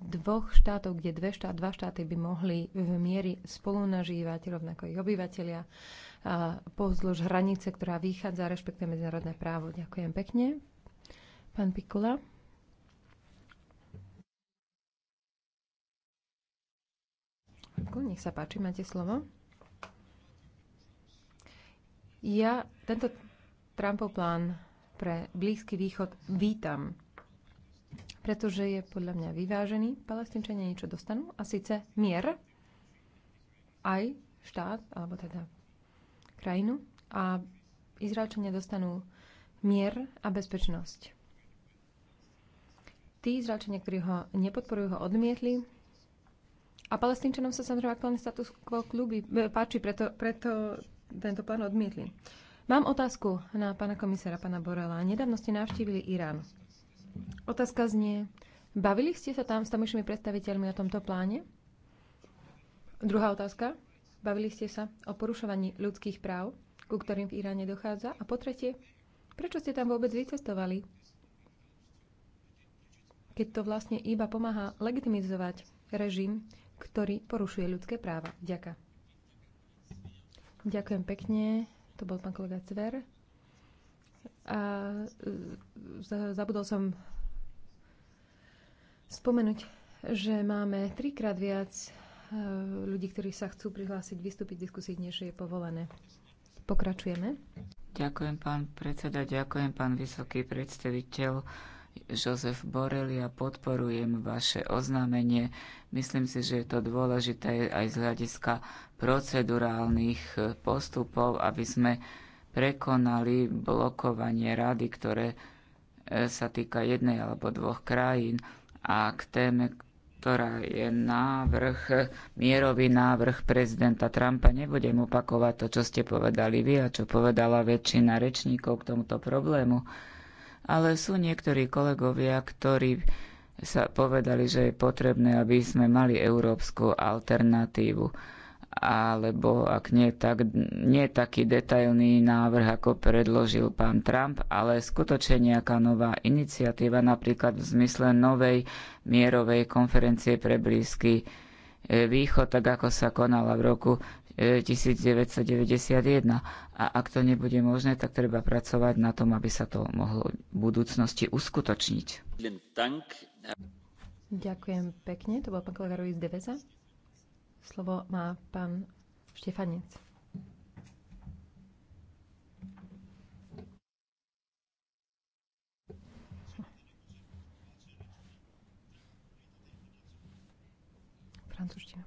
dvoch štátov, kde dve štát, dva štáty by mohli v miery spolunažívať rovnako ich obyvateľia pozdĺž hranice, ktorá vychádza, rešpektuje medzinárodné právo. Ďakujem pekne. Pán Pikula. Nech sa páči, máte slovo. Ja tento Trumpov plán pre Blízky východ vítam, pretože je podľa mňa vyvážený. Palestinčania niečo dostanú, a síce mier, aj štát, alebo teda krajinu, a Izraelčania dostanú mier a bezpečnosť tí Izraelčania, ktorí ho nepodporujú, ho odmietli. A palestínčanom sa samozrejme aktuálny status quo kľúbi, e, páči, preto, preto tento plán odmietli. Mám otázku na pána komisára, pána Borela. Nedávno ste navštívili Irán. Otázka znie, bavili ste sa tam s tamýšimi predstaviteľmi o tomto pláne? Druhá otázka. Bavili ste sa o porušovaní ľudských práv, ku ktorým v Iráne dochádza? A po tretie, prečo ste tam vôbec vycestovali? keď to vlastne iba pomáha legitimizovať režim, ktorý porušuje ľudské práva. Ďakujem. Ďakujem pekne. To bol pán kolega Cver. A e, zabudol som spomenúť, že máme trikrát viac e, ľudí, ktorí sa chcú prihlásiť, vystúpiť v diskusii, než je povolené. Pokračujeme. Ďakujem, pán predseda, ďakujem, pán vysoký predstaviteľ. Jozef Borel, ja podporujem vaše oznámenie. Myslím si, že je to dôležité aj z hľadiska procedurálnych eh, postupov, aby sme prekonali blokovanie rady, ktoré eh, sa týka jednej alebo dvoch krajín a k téme, ktorá je návrh, eh, mierový návrh prezidenta Trumpa. Nebudem opakovať to, čo ste povedali vy a čo povedala väčšina rečníkov k tomuto problému ale sú niektorí kolegovia, ktorí sa povedali, že je potrebné, aby sme mali európsku alternatívu. Alebo ak nie, tak, nie taký detailný návrh, ako predložil pán Trump, ale skutočne nejaká nová iniciatíva, napríklad v zmysle novej mierovej konferencie pre blízky e, východ, tak ako sa konala v roku 1991. A ak to nebude možné, tak treba pracovať na tom, aby sa to mohlo v budúcnosti uskutočniť. Ďakujem pekne. To bol pán kolega Ruiz Veza. Slovo má pán Štefanec. francúzština.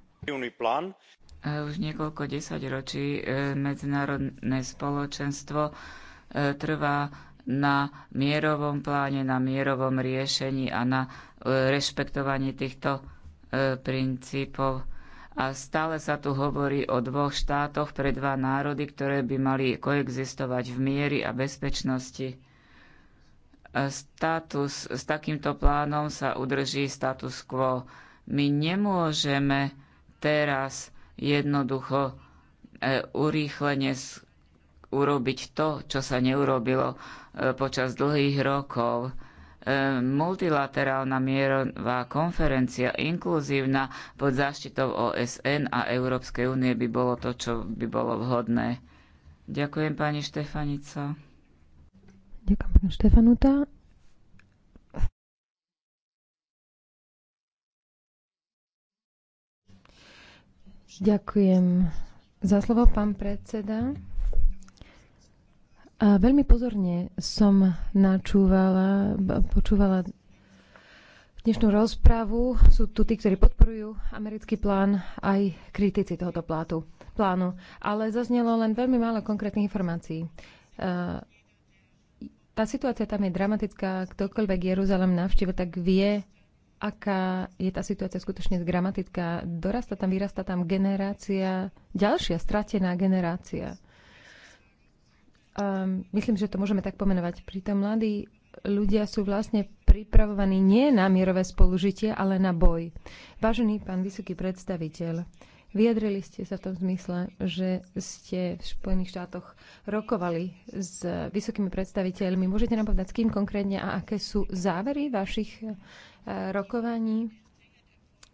E, už niekoľko desaťročí e, medzinárodné spoločenstvo e, trvá na mierovom pláne, na mierovom riešení a na rešpektovaní týchto princípov. A stále sa tu hovorí o dvoch štátoch pre dva národy, ktoré by mali koexistovať v miery a bezpečnosti. Status, s takýmto plánom sa udrží status quo. My nemôžeme teraz jednoducho e, urýchlene urobiť to, čo sa neurobilo e, počas dlhých rokov. E, multilaterálna mierová konferencia, inkluzívna pod záštitou OSN a Európskej únie by bolo to, čo by bolo vhodné. Ďakujem pani Štefanica. Ďakujem pani Štefanuta. Ďakujem za slovo, pán predseda. A veľmi pozorne som načúvala, počúvala dnešnú rozpravu. Sú tu tí, ktorí podporujú americký plán, aj kritici tohoto plátu, plánu. Ale zaznelo len veľmi málo konkrétnych informácií. Tá situácia tam je dramatická. Ktokoľvek Jeruzalem navštívil, tak vie, aká je tá situácia skutočne dramatická. Dorasta tam, vyrasta tam generácia, ďalšia stratená generácia. Um, myslím, že to môžeme tak pomenovať. Pritom mladí ľudia sú vlastne pripravovaní nie na mierové spolužitie, ale na boj. Vážený pán vysoký predstaviteľ, vyjadrili ste sa v tom zmysle, že ste v Spojených štátoch rokovali s vysokými predstaviteľmi. Môžete nám povedať, s kým konkrétne a aké sú závery vašich rokovaní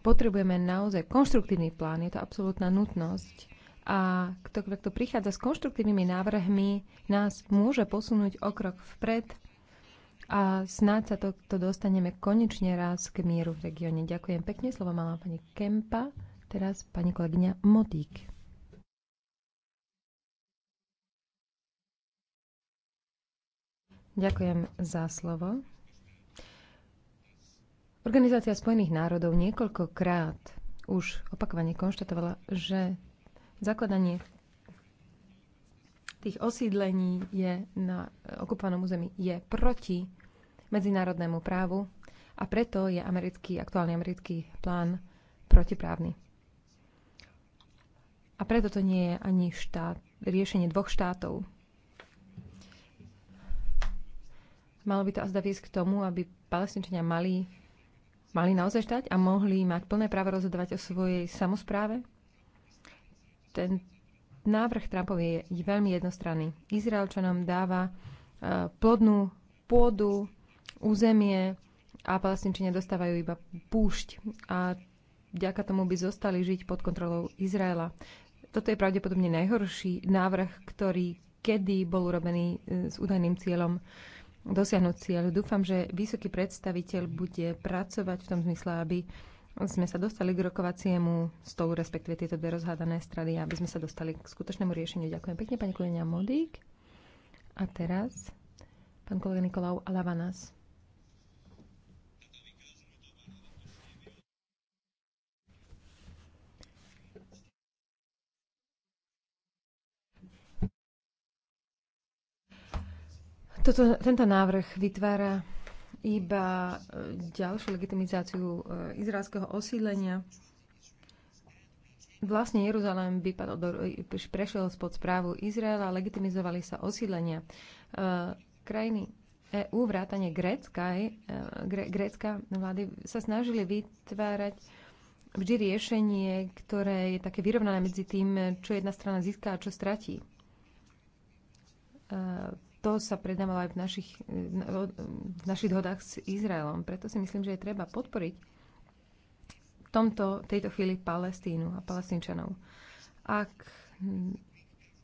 potrebujeme naozaj konštruktívny plán, je to absolútna nutnosť. A kto, kto prichádza s konštruktívnymi návrhmi, nás môže posunúť o krok vpred a snáď sa to, to dostaneme konečne raz k mieru v regióne. Ďakujem pekne. Slovo mala pani Kempa, teraz pani kolegyňa Modík. Ďakujem za slovo. Organizácia Spojených národov niekoľkokrát už opakovane konštatovala, že zakladanie tých osídlení je na okupovanom území je proti medzinárodnému právu a preto je americký, aktuálny americký plán protiprávny. A preto to nie je ani štát, riešenie dvoch štátov. Malo by to azda viesť k tomu, aby palestinčania mali mali naozaj štať a mohli mať plné právo rozhodovať o svojej samozpráve? Ten návrh Trumpov je veľmi jednostranný. Izraelčanom dáva e, plodnú pôdu, územie a palestinčania dostávajú iba púšť a vďaka tomu by zostali žiť pod kontrolou Izraela. Toto je pravdepodobne najhorší návrh, ktorý kedy bol urobený e, s údajným cieľom dosiahnuť cieľ. Dúfam, že vysoký predstaviteľ bude pracovať v tom zmysle, aby sme sa dostali k rokovaciemu stolu, respektíve tieto dve rozhádané strany, aby sme sa dostali k skutočnému riešeniu. Ďakujem pekne, pani kolegyňa Modík. A teraz pán kolega Nikolau Alavanas. Toto, tento návrh vytvára iba e, ďalšiu legitimizáciu e, izraelského osídlenia. Vlastne Jeruzalém by e, prešiel spod správu Izraela, legitimizovali sa osídlenia. Krajiny EU, vrátane Grécka, Grécka vlády sa snažili vytvárať vždy riešenie, ktoré je také vyrovnané medzi tým, čo jedna strana získa a čo stratí to sa predávalo aj v našich, v našich dohodách s Izraelom. Preto si myslím, že je treba podporiť v tomto, tejto chvíli Palestínu a palestínčanov. Ak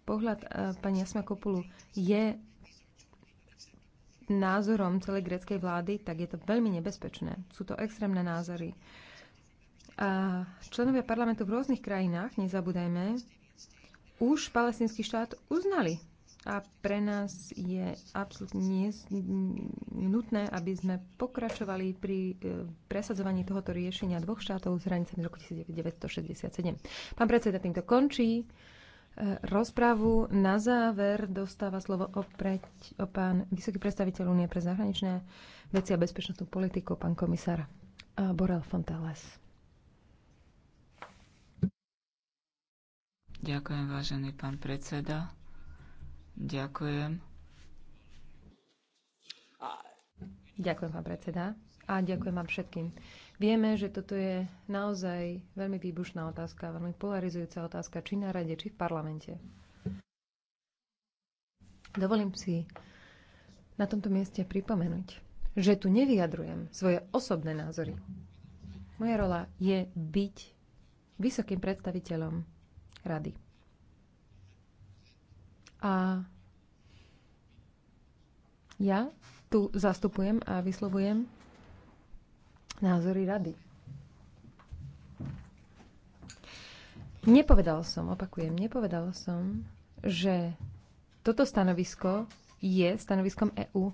pohľad e, pani Asma Kopulu je názorom celej greckej vlády, tak je to veľmi nebezpečné. Sú to extrémne názory. A členovia parlamentu v rôznych krajinách, nezabúdajme, už palestinský štát uznali a pre nás je absolútne nutné, aby sme pokračovali pri e, presadzovaní tohoto riešenia dvoch štátov s hranicami roku 1967. Pán predseda, týmto končí e, rozpravu. Na záver dostáva slovo opäť o pán vysoký predstaviteľ Unie pre zahraničné veci a bezpečnostnú politiku, pán komisár e, Borel Fontales. Ďakujem, vážený pán predseda. Ďakujem. Ďakujem, pán predseda. A ďakujem vám všetkým. Vieme, že toto je naozaj veľmi výbušná otázka, veľmi polarizujúca otázka, či na rade, či v parlamente. Dovolím si na tomto mieste pripomenúť, že tu nevyjadrujem svoje osobné názory. Moja rola je byť vysokým predstaviteľom rady. A ja tu zastupujem a vyslovujem názory rady. Nepovedal som, opakujem, nepovedal som, že toto stanovisko je stanoviskom EÚ.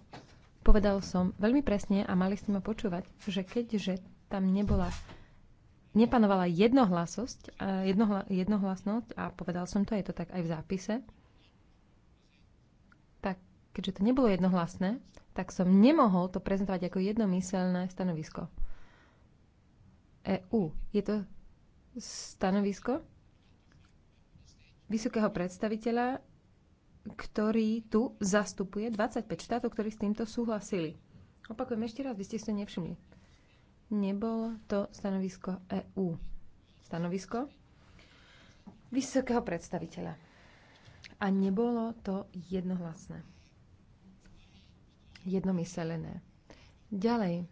Povedal som veľmi presne a mali ste ma počúvať, že keďže tam nebola nepanovala jednohlasnosť, jednohla, jednohlasnosť a povedal som to, je to tak aj v zápise, keďže to nebolo jednohlasné, tak som nemohol to prezentovať ako jednomyselné stanovisko. EU. Je to stanovisko vysokého predstaviteľa, ktorý tu zastupuje 25 štátov, ktorí s týmto súhlasili. Opakujem ešte raz, vy ste si to nevšimli. Nebolo to stanovisko EU. Stanovisko vysokého predstaviteľa. A nebolo to jednohlasné jednomyselené. Ďalej.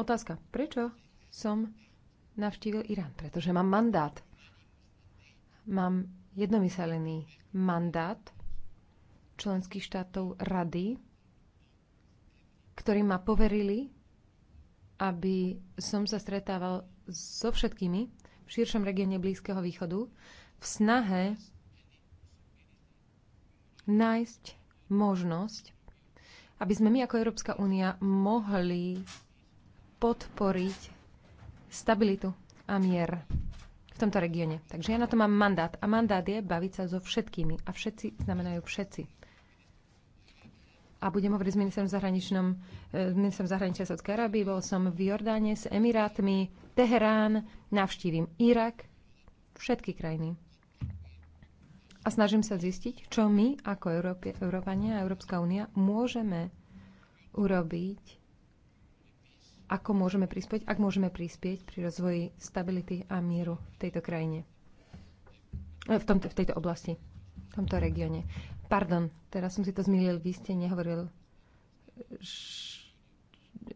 Otázka. Prečo som navštívil Irán? Pretože mám mandát. Mám jednomyselený mandát členských štátov rady, ktorí ma poverili, aby som sa stretával so všetkými v širšom regióne Blízkeho východu v snahe nájsť možnosť aby sme my ako Európska únia mohli podporiť stabilitu a mier v tomto regióne. Takže ja na to mám mandát. A mandát je baviť sa so všetkými. A všetci znamenajú všetci. A budem hovoriť s ministrom, zahraničnom, eh, ministrom zahraničia Sádskej Arabii. Bol som v Jordáne s Emirátmi, Teherán, navštívim Irak, všetky krajiny a snažím sa zistiť, čo my ako Európie, Európania a Európska únia môžeme urobiť, ako môžeme prispieť, ak môžeme prispieť pri rozvoji stability a mieru v tejto krajine. E, v, tomto, v tejto oblasti, v tomto regióne. Pardon, teraz som si to zmýlil, vy ste nehovoril,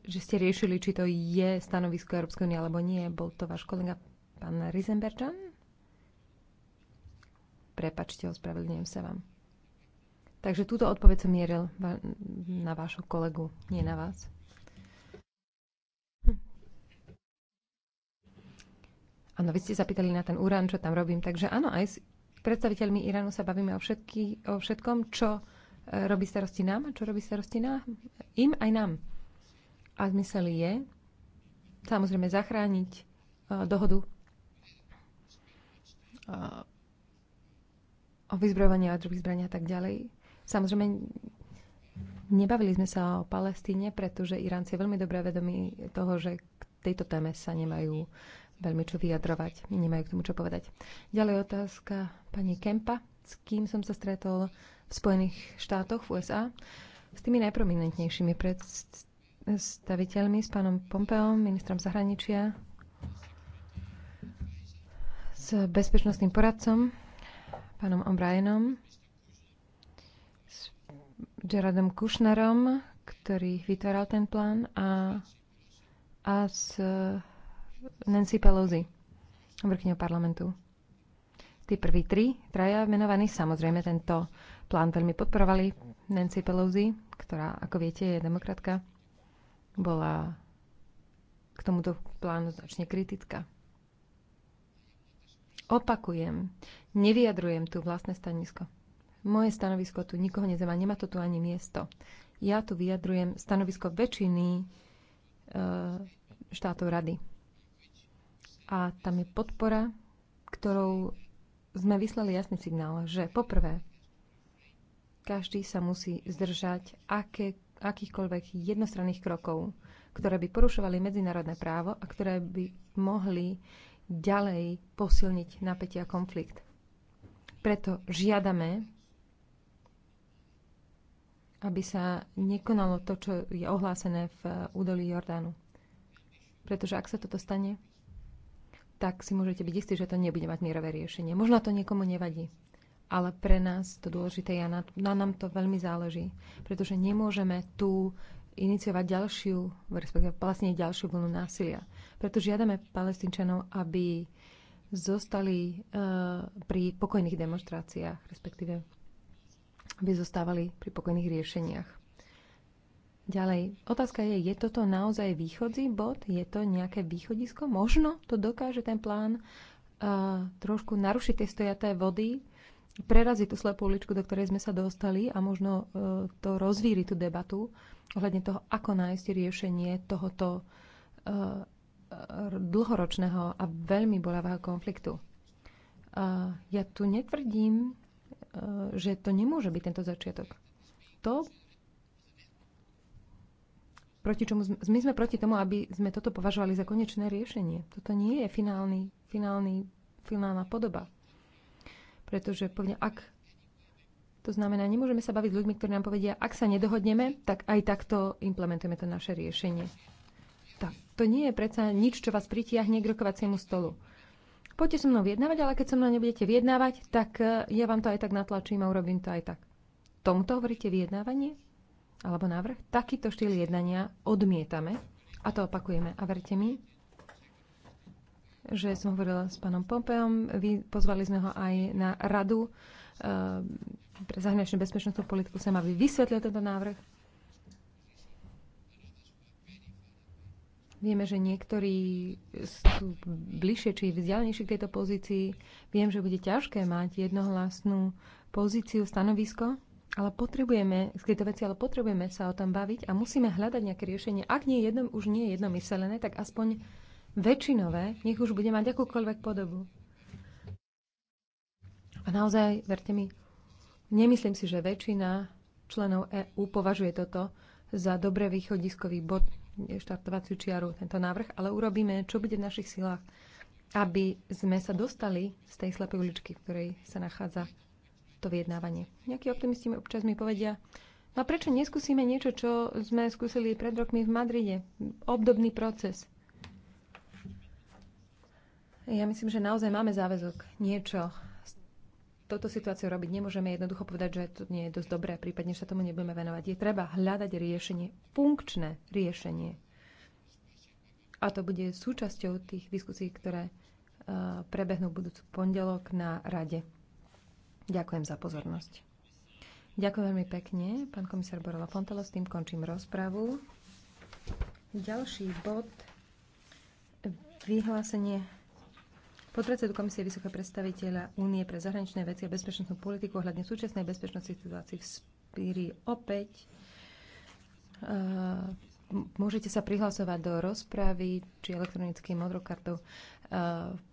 že ste riešili, či to je stanovisko Európskej únie alebo nie. Bol to váš kolega pán Rizenberčan? Prepačte, ospravedlňujem sa vám. Takže túto odpoveď som mieril na vášho kolegu, nie na vás. Áno, vy ste sa pýtali na ten urán, čo tam robím. Takže áno, aj s predstaviteľmi Iránu sa bavíme o, všetky, o všetkom, čo e, robí starosti nám a čo robí starosti nám. Im aj nám. A zmysel je samozrejme zachrániť e, dohodu e, o vyzbrojovaní druhých zbraní a tak ďalej. Samozrejme, nebavili sme sa o Palestíne, pretože Iránci je veľmi dobre vedomí toho, že k tejto téme sa nemajú veľmi čo vyjadrovať, nemajú k tomu čo povedať. Ďalej otázka pani Kempa, s kým som sa stretol v Spojených štátoch, v USA, s tými najprominentnejšími predstaviteľmi, s pánom Pompeom, ministrom zahraničia, s bezpečnostným poradcom pánom O'Brienom, s Gerardom Kushnerom, ktorý vytváral ten plán a, a s eh, Nancy Pelosi, vrchňou parlamentu. Tí prví tri, traja menovaní, samozrejme tento plán veľmi podporovali. Nancy Pelosi, ktorá, ako viete, je demokratka, bola k tomuto plánu značne kritická. Opakujem, nevyjadrujem tu vlastné stanovisko. Moje stanovisko tu nikoho nezaujíma, nemá to tu ani miesto. Ja tu vyjadrujem stanovisko väčšiny e, štátov rady. A tam je podpora, ktorou sme vyslali jasný signál, že poprvé, každý sa musí zdržať aké, akýchkoľvek jednostranných krokov, ktoré by porušovali medzinárodné právo a ktoré by mohli ďalej posilniť napätie a konflikt. Preto žiadame, aby sa nekonalo to, čo je ohlásené v údolí Jordánu. Pretože ak sa toto stane, tak si môžete byť istí, že to nebude mať mierové riešenie. Možno to niekomu nevadí, ale pre nás to dôležité je a na, na nám to veľmi záleží, pretože nemôžeme tú iniciovať ďalšiu, respektíve vlastne ďalšiu vlnu násilia. Preto žiadame palestinčanov, aby zostali uh, pri pokojných demonstráciách, respektíve aby zostávali pri pokojných riešeniach. Ďalej, otázka je, je toto naozaj východzí bod? Je to nejaké východisko? Možno to dokáže ten plán uh, trošku narušiť tie stojaté vody prerazí tú slepú uličku, do ktorej sme sa dostali a možno e, to rozvíri tú debatu ohľadne toho, ako nájsť riešenie tohoto e, dlhoročného a veľmi bolavého konfliktu. Ja tu netvrdím, e, že to nemôže byť tento začiatok. To, proti čomu, my sme proti tomu, aby sme toto považovali za konečné riešenie. Toto nie je finálny, finálny, finálna podoba. Pretože plne ak to znamená, nemôžeme sa baviť s ľuďmi, ktorí nám povedia, ak sa nedohodneme, tak aj takto implementujeme to naše riešenie. Tak, to nie je predsa nič, čo vás pritiahne k rokovaciemu stolu. Poďte so mnou vyjednávať, ale keď so mnou nebudete vyjednávať, tak e, ja vám to aj tak natlačím a urobím to aj tak. Tomuto hovoríte vyjednávanie? Alebo návrh? Takýto štýl jednania odmietame a to opakujeme. A verte mi, že som hovorila s pánom Pompeom. Vy, pozvali sme ho aj na radu eh, pre zahraničnú bezpečnostnú politiku sem, aby vysvetlil tento návrh. Vieme, že niektorí sú bližšie či vzdialenejšie k tejto pozícii. Viem, že bude ťažké mať jednohlasnú pozíciu, stanovisko, ale potrebujeme, z tejto veci, ale potrebujeme sa o tom baviť a musíme hľadať nejaké riešenie. Ak nie jedno, už nie je jednomyselené, tak aspoň väčšinové, nech už bude mať akúkoľvek podobu. A naozaj, verte mi, nemyslím si, že väčšina členov EÚ považuje toto za dobré východiskový bod, štartovaciu čiaru, tento návrh, ale urobíme, čo bude v našich silách, aby sme sa dostali z tej slepej uličky, v ktorej sa nachádza to vyjednávanie. Nejakí optimisti mi občas mi povedia, no a prečo neskúsime niečo, čo sme skúsili pred rokmi v Madride? Obdobný proces. Ja myslím, že naozaj máme záväzok niečo s touto situáciou robiť. Nemôžeme jednoducho povedať, že to nie je dosť dobré, prípadne, že sa tomu nebudeme venovať. Je treba hľadať riešenie, funkčné riešenie. A to bude súčasťou tých diskusí, ktoré uh, prebehnú budúci pondelok na rade. Ďakujem za pozornosť. Ďakujem veľmi pekne, pán komisár Borola Fontelo. S tým končím rozpravu. Ďalší bod, vyhlásenie podpredsedu Komisie Vysokého predstaviteľa Únie pre zahraničné veci a bezpečnostnú politiku ohľadne súčasnej bezpečnostnej situácii v Spíri opäť. Eh, môžete sa prihlasovať do rozpravy či elektronickým modrou kartou eh,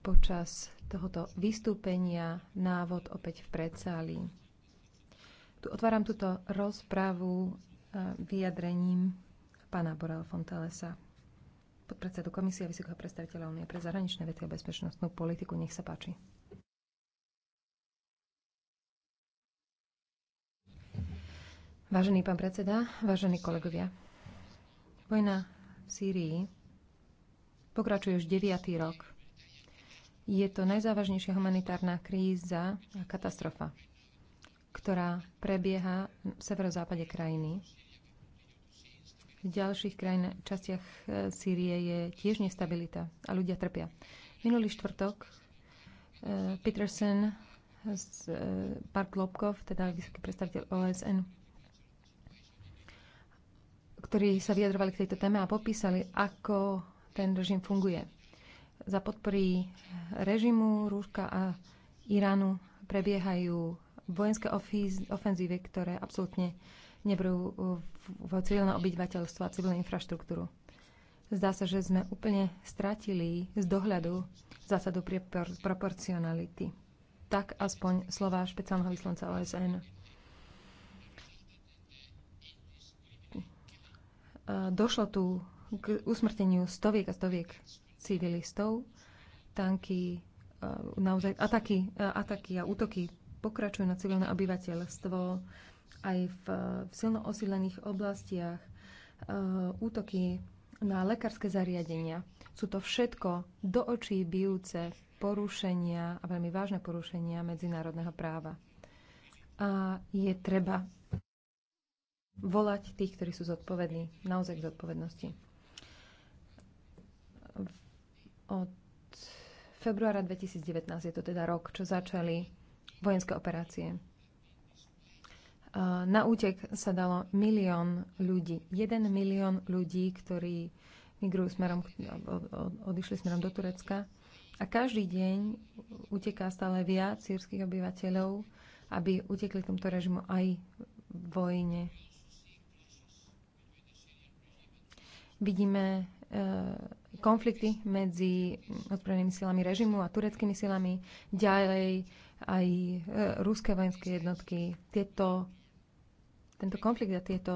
počas tohoto vystúpenia návod opäť v predsáli. Tu otváram túto rozpravu eh, vyjadrením pána Borel Fontalesa podpredsedu Komisie a Vysokého predstaviteľa Unie pre zahraničné veci a bezpečnostnú politiku. Nech sa páči. Vážený pán predseda, vážení kolegovia, vojna v Sýrii pokračuje už 9. rok. Je to najzávažnejšia humanitárna kríza a katastrofa, ktorá prebieha v severozápade krajiny v ďalších krajín, častiach e, Sýrie je tiež nestabilita a ľudia trpia. Minulý štvrtok e, Peterson, e, Park Lobkov, teda vysoký predstaviteľ OSN, ktorí sa vyjadrovali k tejto téme a popísali, ako ten režim funguje. Za podpory režimu Rúška a Iránu prebiehajú vojenské ofenzívy, ktoré absolútne nebrú uh, v civilné obyvateľstvo a civilnú infraštruktúru. Zdá sa, že sme úplne stratili z dohľadu zásadu proporcionality. Tak aspoň slova špeciálneho vyslanca OSN. Uh, došlo tu k usmrteniu stoviek a stoviek civilistov. Tanky, uh, naozaj ataky, ataky a útoky pokračujú na civilné obyvateľstvo aj v, v silno osídlených oblastiach, eh, útoky na lekárske zariadenia. Sú to všetko do očí bijúce porušenia a veľmi vážne porušenia medzinárodného práva. A je treba volať tých, ktorí sú zodpovední, naozaj k zodpovednosti. Od februára 2019 je to teda rok, čo začali vojenské operácie na útek sa dalo milión ľudí. Jeden milión ľudí, ktorí migrujú smerom, odišli smerom do Turecka. A každý deň uteká stále viac sírskych obyvateľov, aby utekli tomto režimu aj vojne. Vidíme konflikty medzi odprenými silami režimu a tureckými silami, ďalej aj ruské vojenské jednotky. Tieto tento konflikt a tieto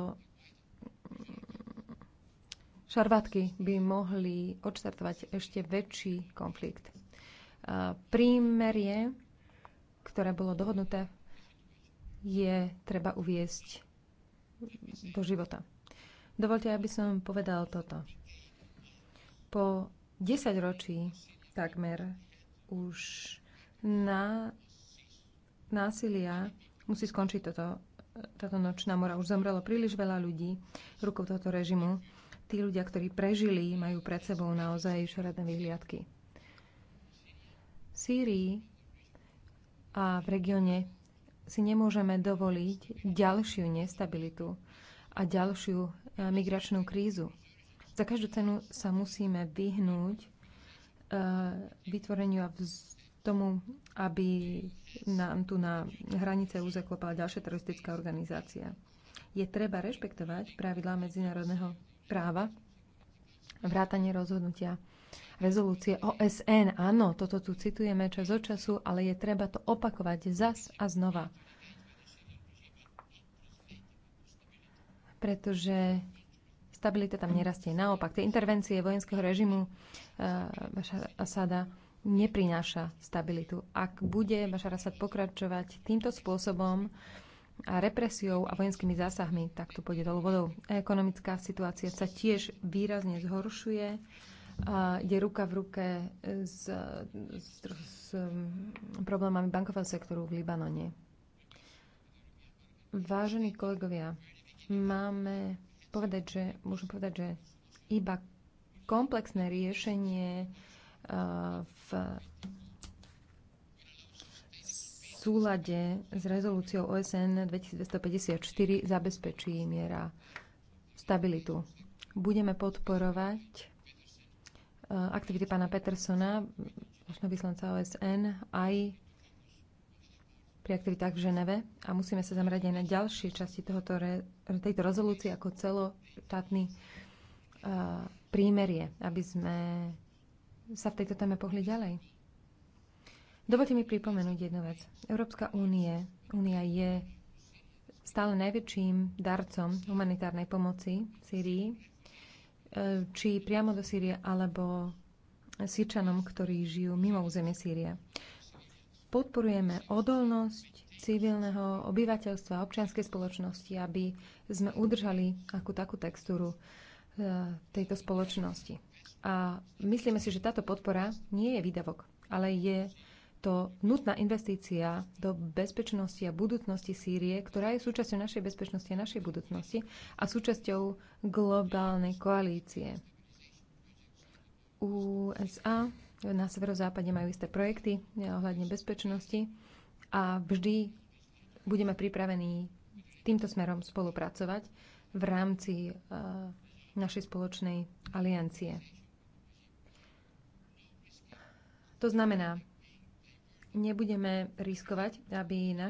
šarvátky by mohli odštartovať ešte väčší konflikt. Prímerie, ktoré bolo dohodnuté, je treba uviesť do života. Dovolte, aby som povedal toto. Po 10 ročí takmer už na násilia musí skončiť toto táto nočná mora už zomrelo príliš veľa ľudí rukou tohto režimu. Tí ľudia, ktorí prežili, majú pred sebou naozaj šoradné vyhliadky. V Sýrii a v regióne si nemôžeme dovoliť ďalšiu nestabilitu a ďalšiu e, migračnú krízu. Za každú cenu sa musíme vyhnúť e, vytvoreniu a vz tomu, aby nám tu na hranice uzaklopala ďalšia teroristická organizácia. Je treba rešpektovať pravidlá medzinárodného práva, vrátanie rozhodnutia rezolúcie OSN. Áno, toto tu citujeme čas od času, ale je treba to opakovať zas a znova. Pretože stabilita tam nerastie. Naopak, tie intervencie vojenského režimu uh, Asada neprináša stabilitu. Ak bude Bašar Asad pokračovať týmto spôsobom a represiou a vojenskými zásahmi, tak to pôjde dolu vodou. Ekonomická situácia sa tiež výrazne zhoršuje. A ide ruka v ruke s, s, s problémami bankového sektoru v Libanone. Vážení kolegovia, máme povedať, že, môžem povedať, že iba komplexné riešenie v súlade s rezolúciou OSN 2254 zabezpečí miera stabilitu. Budeme podporovať eh, aktivity pána Petersona, možno vyslanca OSN, aj pri aktivitách v Ženeve a musíme sa zamerať aj na ďalšie časti tohoto re, tejto rezolúcie ako celoštátny uh, eh, prímerie, aby sme sa v tejto téme pohli ďalej. Dovolte mi pripomenúť jednu vec. Európska únie, únia je stále najväčším darcom humanitárnej pomoci Syrii, e, či priamo do Sýrie, alebo Sýrčanom, ktorí žijú mimo územie Sýrie. Podporujeme odolnosť civilného obyvateľstva, občianskej spoločnosti, aby sme udržali akú takú textúru e, tejto spoločnosti. A myslíme si, že táto podpora nie je výdavok, ale je to nutná investícia do bezpečnosti a budúcnosti Sýrie, ktorá je súčasťou našej bezpečnosti a našej budúcnosti a súčasťou globálnej koalície. USA na severozápade majú isté projekty eh, ohľadne bezpečnosti a vždy budeme pripravení týmto smerom spolupracovať v rámci eh, našej spoločnej aliancie. To znamená, nebudeme riskovať, aby naši